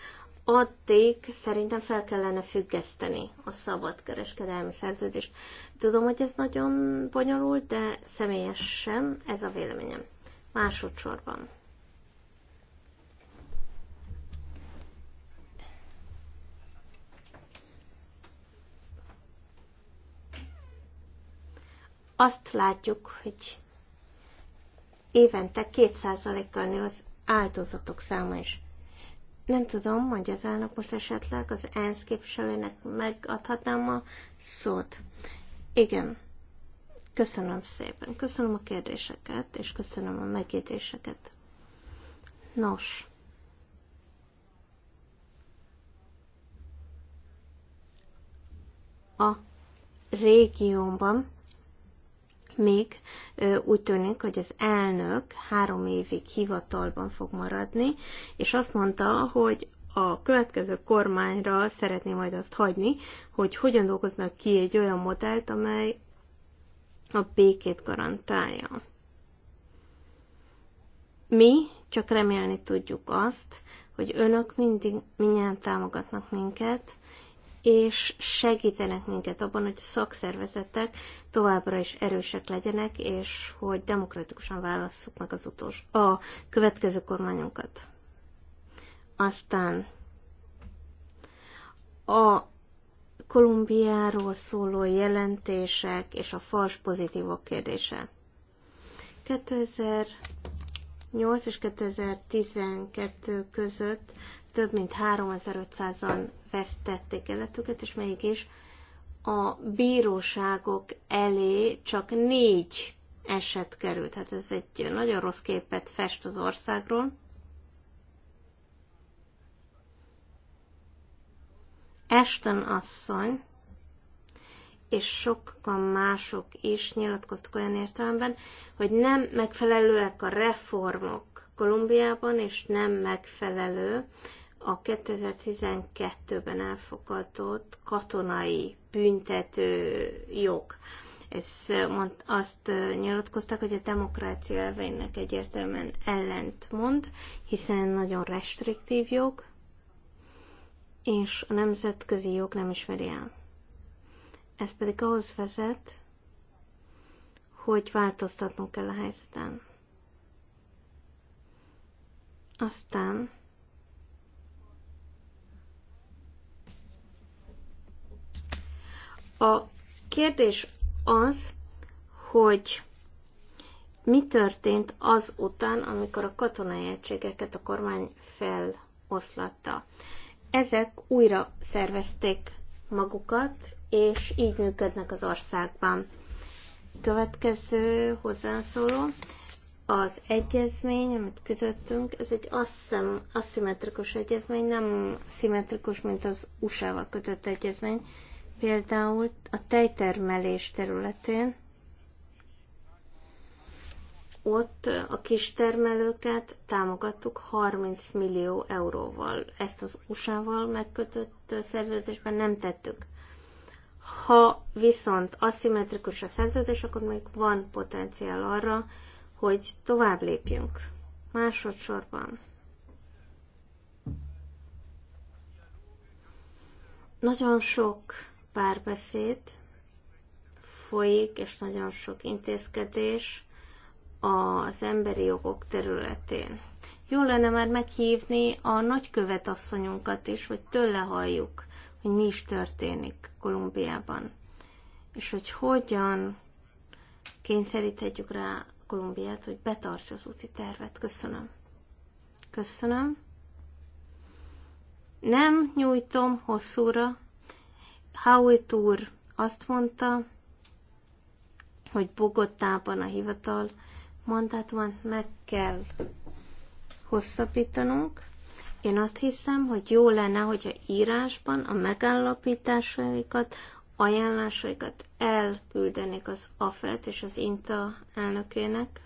addig szerintem fel kellene függeszteni a kereskedelmi szerződést. Tudom, hogy ez nagyon bonyolult, de személyesen ez a véleményem. Másodszorban. Azt látjuk, hogy évente 2%-kal nő az áldozatok száma is. Nem tudom, mondja az elnök most esetleg az ENSZ képviselőnek megadhatnám a szót. Igen. Köszönöm szépen. Köszönöm a kérdéseket, és köszönöm a megjegyzéseket. Nos. A régiómban még úgy tűnik, hogy az elnök három évig hivatalban fog maradni, és azt mondta, hogy a következő kormányra szeretné majd azt hagyni, hogy hogyan dolgoznak ki egy olyan modellt, amely a békét garantálja. Mi csak remélni tudjuk azt, hogy önök mindig minnyáján támogatnak minket, és segítenek minket abban, hogy a szakszervezetek továbbra is erősek legyenek, és hogy demokratikusan válasszuk meg az utolsó, a következő kormányunkat. Aztán a Kolumbiáról szóló jelentések és a fals pozitívok kérdése. 2008 és 2012 között több mint 3500-an vesztették életüket, és mégis a bíróságok elé csak négy eset került. Hát ez egy nagyon rossz képet fest az országról. Esten asszony, és sokan mások is nyilatkoztak olyan értelemben, hogy nem megfelelőek a reformok Kolumbiában, és nem megfelelő a 2012-ben elfogadott katonai büntető jog. És mond, azt nyilatkoztak, hogy a demokrácia elveinek egyértelműen ellent mond, hiszen nagyon restriktív jog, és a nemzetközi jog nem ismeri el. Ez pedig ahhoz vezet, hogy változtatnunk kell a helyzeten. Aztán A kérdés az, hogy mi történt az után, amikor a katonai egységeket a kormány feloszlatta. Ezek újra szervezték magukat, és így működnek az országban. Következő hozzászóló, az egyezmény, amit kötöttünk, ez egy asszem, aszimmetrikus egyezmény, nem szimmetrikus, mint az USA-val kötött egyezmény, Például a tejtermelés területén ott a kis termelőket támogattuk 30 millió euróval. Ezt az USA-val megkötött szerződésben nem tettük. Ha viszont aszimmetrikus a szerződés, akkor még van potenciál arra, hogy tovább lépjünk. Másodszorban. Nagyon sok párbeszéd folyik, és nagyon sok intézkedés az emberi jogok területén. Jó lenne már meghívni a nagykövet asszonyunkat is, hogy tőle halljuk, hogy mi is történik Kolumbiában, és hogy hogyan kényszeríthetjük rá Kolumbiát, hogy betartsa az úti tervet. Köszönöm. Köszönöm. Nem nyújtom hosszúra Howitt úr azt mondta, hogy Bogotában a hivatal mandátumát meg kell hosszabbítanunk. Én azt hiszem, hogy jó lenne, hogyha írásban a megállapításaikat, ajánlásaikat elküldenék az AFET és az INTA elnökének.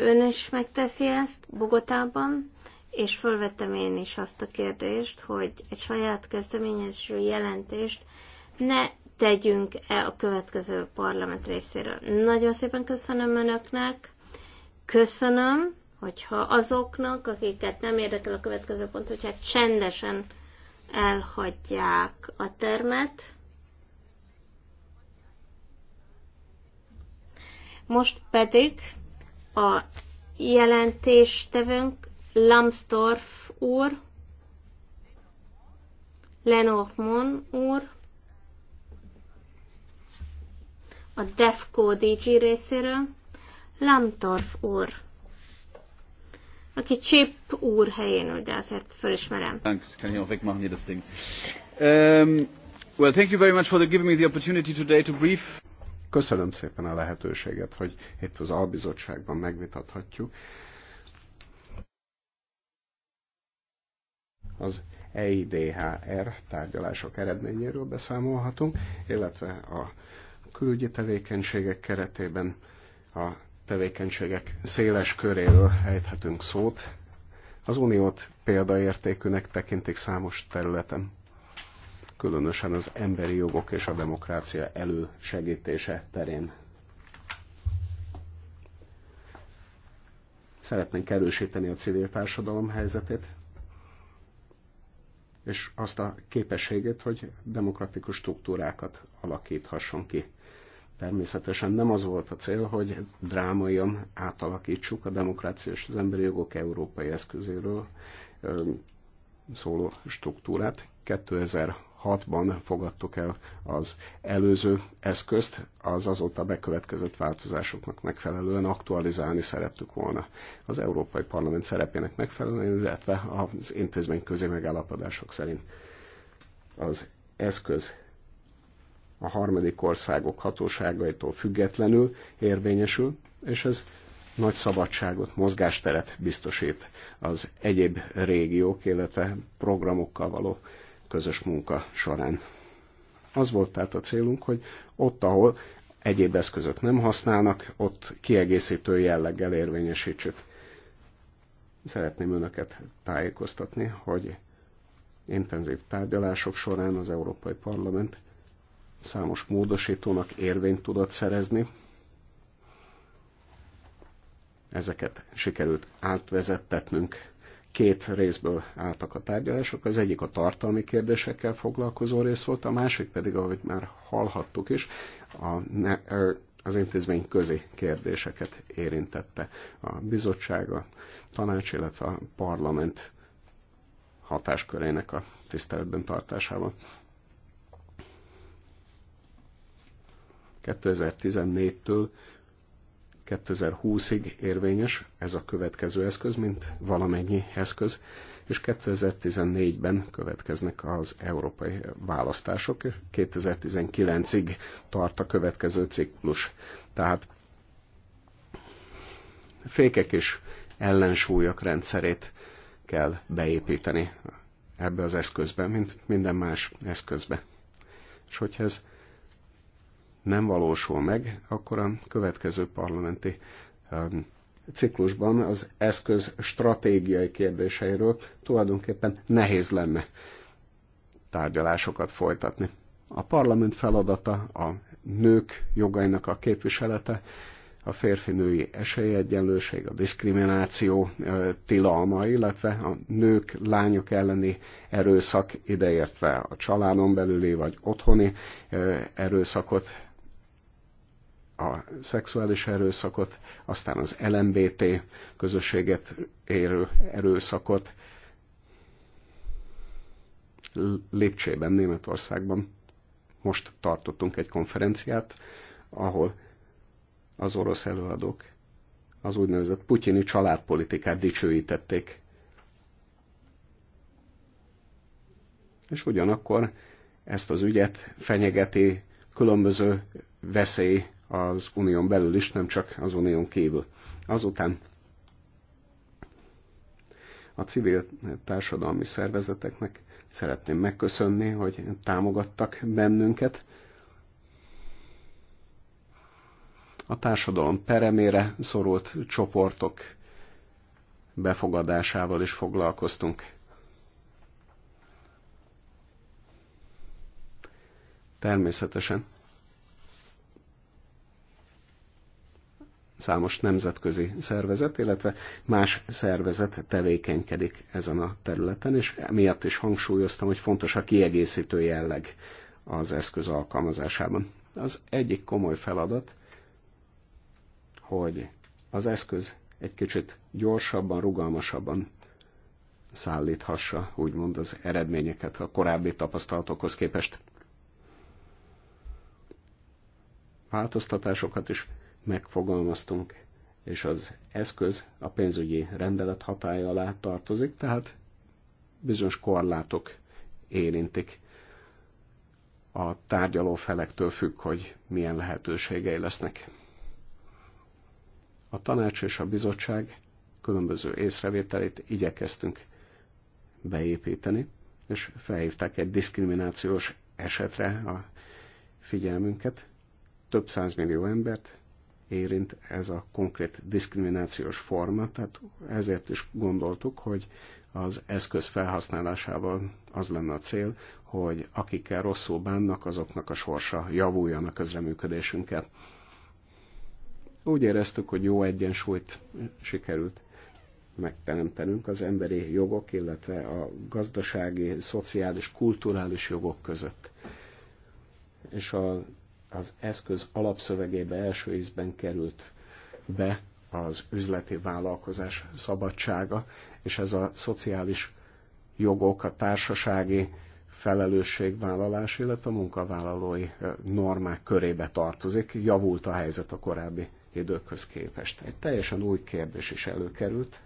Ön is megteszi ezt Bogotában, és fölvettem én is azt a kérdést, hogy egy saját kezdeményező jelentést ne tegyünk-e a következő parlament részéről. Nagyon szépen köszönöm Önöknek, köszönöm, hogyha azoknak, akiket nem érdekel a következő pont, hogyha csendesen elhagyják a termet. Most pedig a jelentéstevőnk Lambsdorff úr, Lenormand úr, a DEFCO DG részéről, Lambdorff úr, aki Chip úr helyén ül, de azért fölismerem. Um, well, thank you very much for giving me the opportunity today to brief. Köszönöm szépen a lehetőséget, hogy itt az albizottságban megvitathatjuk az EIDHR tárgyalások eredményéről beszámolhatunk, illetve a külügyi tevékenységek keretében a tevékenységek széles köréről ejthetünk szót. Az uniót példaértékűnek tekintik számos területen, különösen az emberi jogok és a demokrácia elősegítése terén. Szeretnénk erősíteni a civil társadalom helyzetét, és azt a képességet, hogy demokratikus struktúrákat alakíthasson ki. Természetesen nem az volt a cél, hogy drámaian átalakítsuk a demokrácia és az emberi jogok európai eszközéről szóló struktúrát. 2006-ban fogadtuk el az előző eszközt, az azóta bekövetkezett változásoknak megfelelően aktualizálni szerettük volna az Európai Parlament szerepének megfelelően, illetve az intézmény közé megállapodások szerint az eszköz a harmadik országok hatóságaitól függetlenül érvényesül, és ez nagy szabadságot, mozgásteret biztosít az egyéb régiók, illetve programokkal való közös munka során. Az volt tehát a célunk, hogy ott, ahol egyéb eszközök nem használnak, ott kiegészítő jelleggel érvényesítsük. Szeretném önöket tájékoztatni, hogy intenzív tárgyalások során az Európai Parlament számos módosítónak érvényt tudott szerezni. Ezeket sikerült átvezettetnünk két részből álltak a tárgyalások. Az egyik a tartalmi kérdésekkel foglalkozó rész volt, a másik pedig, ahogy már hallhattuk is, a ne, az intézmény közi kérdéseket érintette a bizottság, a tanács, illetve a parlament hatáskörének a tiszteletben tartásában. 2014-től 2020-ig érvényes ez a következő eszköz, mint valamennyi eszköz, és 2014-ben következnek az európai választások, 2019-ig tart a következő ciklus. Tehát fékek és ellensúlyok rendszerét kell beépíteni ebbe az eszközbe, mint minden más eszközbe. És hogyha ez nem valósul meg, akkor a következő parlamenti um, ciklusban az eszköz stratégiai kérdéseiről tulajdonképpen nehéz lenne tárgyalásokat folytatni. A parlament feladata a nők jogainak a képviselete, a férfi-női esélyegyenlőség, a diszkrimináció uh, tilalma, illetve a nők, lányok elleni erőszak, ideértve a családon belüli vagy otthoni uh, erőszakot a szexuális erőszakot, aztán az LMBT közösséget érő erőszakot Lépcsében, Németországban. Most tartottunk egy konferenciát, ahol az orosz előadók az úgynevezett putyini családpolitikát dicsőítették. És ugyanakkor ezt az ügyet fenyegeti különböző veszély az unión belül is, nem csak az unión kívül. Azután a civil társadalmi szervezeteknek szeretném megköszönni, hogy támogattak bennünket. A társadalom peremére szorult csoportok befogadásával is foglalkoztunk. Természetesen számos nemzetközi szervezet, illetve más szervezet tevékenykedik ezen a területen, és miatt is hangsúlyoztam, hogy fontos a kiegészítő jelleg az eszköz alkalmazásában. Az egyik komoly feladat, hogy az eszköz egy kicsit gyorsabban, rugalmasabban szállíthassa, úgymond az eredményeket a korábbi tapasztalatokhoz képest. Változtatásokat is megfogalmaztunk, és az eszköz a pénzügyi rendelet hatája alá tartozik, tehát bizonyos korlátok érintik. A tárgyaló felektől függ, hogy milyen lehetőségei lesznek. A tanács és a bizottság különböző észrevételét igyekeztünk beépíteni, és felhívták egy diszkriminációs esetre a figyelmünket. Több százmillió embert érint ez a konkrét diszkriminációs forma, tehát ezért is gondoltuk, hogy az eszköz felhasználásával az lenne a cél, hogy akikkel rosszul bánnak, azoknak a sorsa javuljon a közreműködésünket. Úgy éreztük, hogy jó egyensúlyt sikerült megteremtenünk az emberi jogok, illetve a gazdasági, szociális, kulturális jogok között. És a az eszköz alapszövegébe első ízben került be az üzleti vállalkozás szabadsága, és ez a szociális jogok, a társasági felelősségvállalás, illetve a munkavállalói normák körébe tartozik. Javult a helyzet a korábbi időkhöz képest. Egy teljesen új kérdés is előkerült.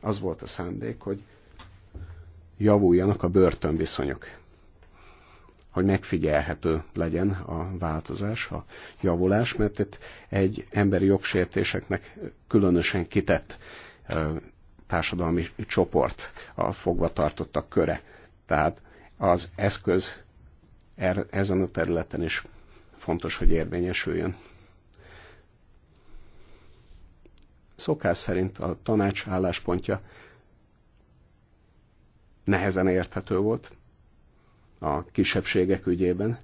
Az volt a szándék, hogy javuljanak a börtönviszonyok hogy megfigyelhető legyen a változás, a javulás, mert itt egy emberi jogsértéseknek különösen kitett társadalmi csoport a fogvatartottak köre. Tehát az eszköz er, ezen a területen is fontos, hogy érvényesüljön. Szokás szerint a tanács álláspontja nehezen érthető volt, a kisebbségek ügyében.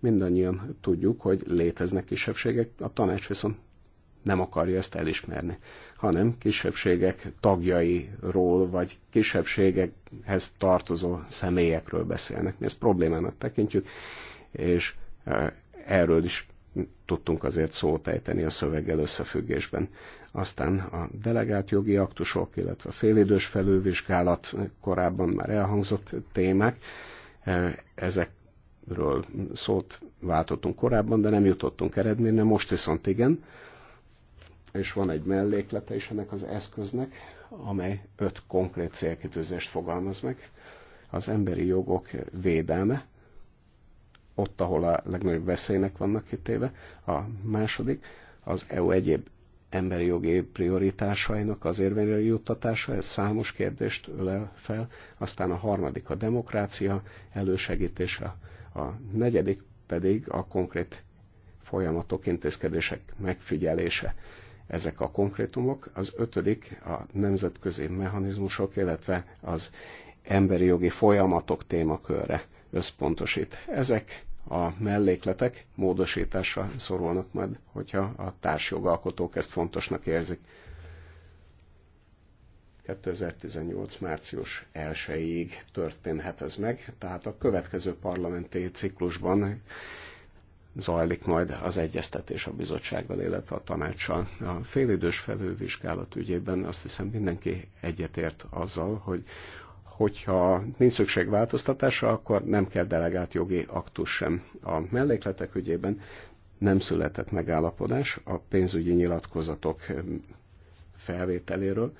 Mindannyian tudjuk, hogy léteznek kisebbségek, a tanács viszont nem akarja ezt elismerni, hanem kisebbségek tagjairól, vagy kisebbségekhez tartozó személyekről beszélnek. Mi ezt problémának tekintjük, és e, erről is tudtunk azért szót ejteni a szöveggel összefüggésben. Aztán a delegált jogi aktusok, illetve a félidős felülvizsgálat korábban már elhangzott témák, e, ezekről szót váltottunk korábban, de nem jutottunk eredményre, most viszont igen, és van egy melléklete is ennek az eszköznek, amely öt konkrét célkitűzést fogalmaz meg. Az emberi jogok védelme, ott, ahol a legnagyobb veszélynek vannak kitéve. A második, az EU egyéb emberi jogi prioritásainak az érvényre juttatása, ez számos kérdést ölel fel. Aztán a harmadik a demokrácia elősegítése, a negyedik pedig a konkrét folyamatok, intézkedések megfigyelése. Ezek a konkrétumok, az ötödik a nemzetközi mechanizmusok, illetve az emberi jogi folyamatok témakörre összpontosít. Ezek a mellékletek módosításra szorulnak majd, hogyha a társjogalkotók ezt fontosnak érzik. 2018. március 1-ig történhet ez meg, tehát a következő parlamenti ciklusban zajlik majd az egyeztetés a bizottsággal, illetve a tanácssal. A félidős felővizsgálat ügyében azt hiszem mindenki egyetért azzal, hogy hogyha nincs szükség változtatásra, akkor nem kell delegált jogi aktus sem. A mellékletek ügyében nem született megállapodás a pénzügyi nyilatkozatok felvételéről.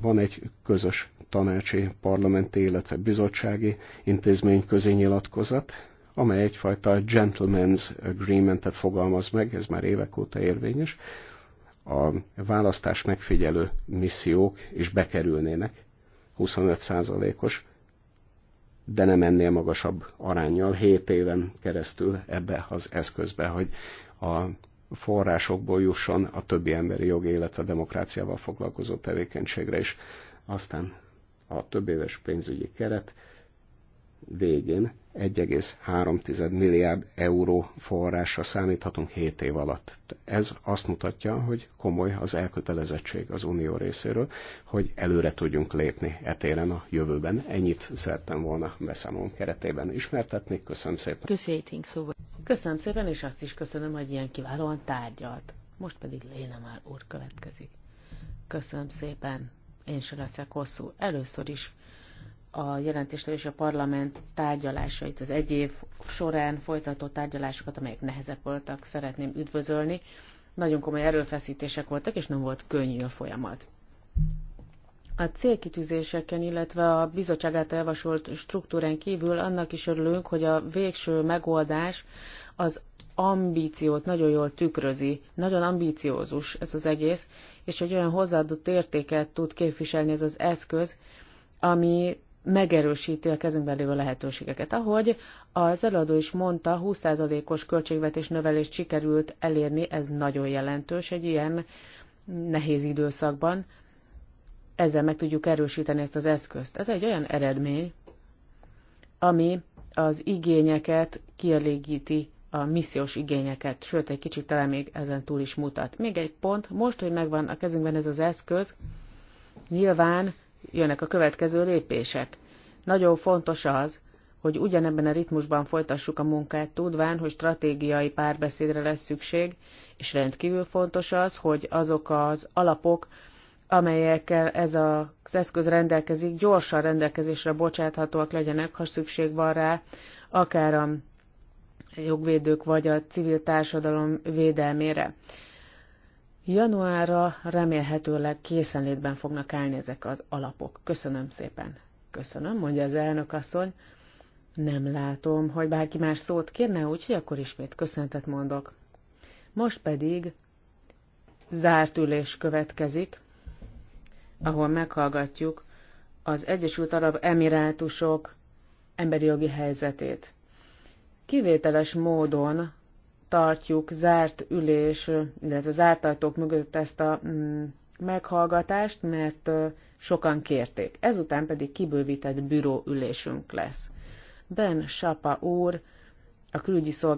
Van egy közös tanácsi, parlamenti, illetve bizottsági intézmény közé nyilatkozat, amely egyfajta gentleman's agreementet fogalmaz meg, ez már évek óta érvényes, a választás megfigyelő missziók is bekerülnének 25%-os, de nem ennél magasabb arányjal 7 éven keresztül ebbe az eszközbe, hogy a forrásokból jusson a többi emberi jogi, illetve demokráciával foglalkozó tevékenységre is. Aztán a több éves pénzügyi keret végén 1,3 milliárd euró forrásra számíthatunk 7 év alatt. Ez azt mutatja, hogy komoly az elkötelezettség az Unió részéről, hogy előre tudjunk lépni etéren a jövőben. Ennyit szerettem volna beszámolom keretében ismertetni. Köszönöm szépen. Szóval. Köszönöm szépen, és azt is köszönöm, hogy ilyen kiválóan tárgyalt. Most pedig Léna már úr következik. Köszönöm szépen. Én se leszek hosszú. Először is a jelentéstől és a parlament tárgyalásait, az egy év során folytatott tárgyalásokat, amelyek nehezebb voltak, szeretném üdvözölni. Nagyon komoly erőfeszítések voltak, és nem volt könnyű a folyamat. A célkitűzéseken, illetve a bizottság által javasolt struktúrán kívül annak is örülünk, hogy a végső megoldás az ambíciót nagyon jól tükrözi, nagyon ambíciózus ez az egész, és egy olyan hozzáadott értéket tud képviselni ez az eszköz, ami megerősíti a kezünkben lévő lehetőségeket. Ahogy az előadó is mondta, 20%-os költségvetés növelést sikerült elérni, ez nagyon jelentős egy ilyen nehéz időszakban. Ezzel meg tudjuk erősíteni ezt az eszközt. Ez egy olyan eredmény, ami az igényeket kielégíti, a missziós igényeket, sőt, egy kicsit talán még ezen túl is mutat. Még egy pont, most, hogy megvan a kezünkben ez az eszköz, nyilván jönnek a következő lépések. Nagyon fontos az, hogy ugyanebben a ritmusban folytassuk a munkát, tudván, hogy stratégiai párbeszédre lesz szükség, és rendkívül fontos az, hogy azok az alapok, amelyekkel ez az eszköz rendelkezik, gyorsan rendelkezésre bocsáthatóak legyenek, ha szükség van rá, akár a jogvédők vagy a civil társadalom védelmére. Januárra remélhetőleg készenlétben fognak állni ezek az alapok. Köszönöm szépen. Köszönöm, mondja az elnök asszony. Nem látom, hogy bárki más szót kérne, úgyhogy akkor ismét köszöntet mondok. Most pedig zárt ülés következik, ahol meghallgatjuk az Egyesült Arab Emirátusok emberi jogi helyzetét. Kivételes módon tartjuk zárt ülés, illetve zárt ajtók mögött ezt a mm, meghallgatást, mert sokan kérték. Ezután pedig kibővített büróülésünk ülésünk lesz. Ben Sapa úr, a külügyi szolgálat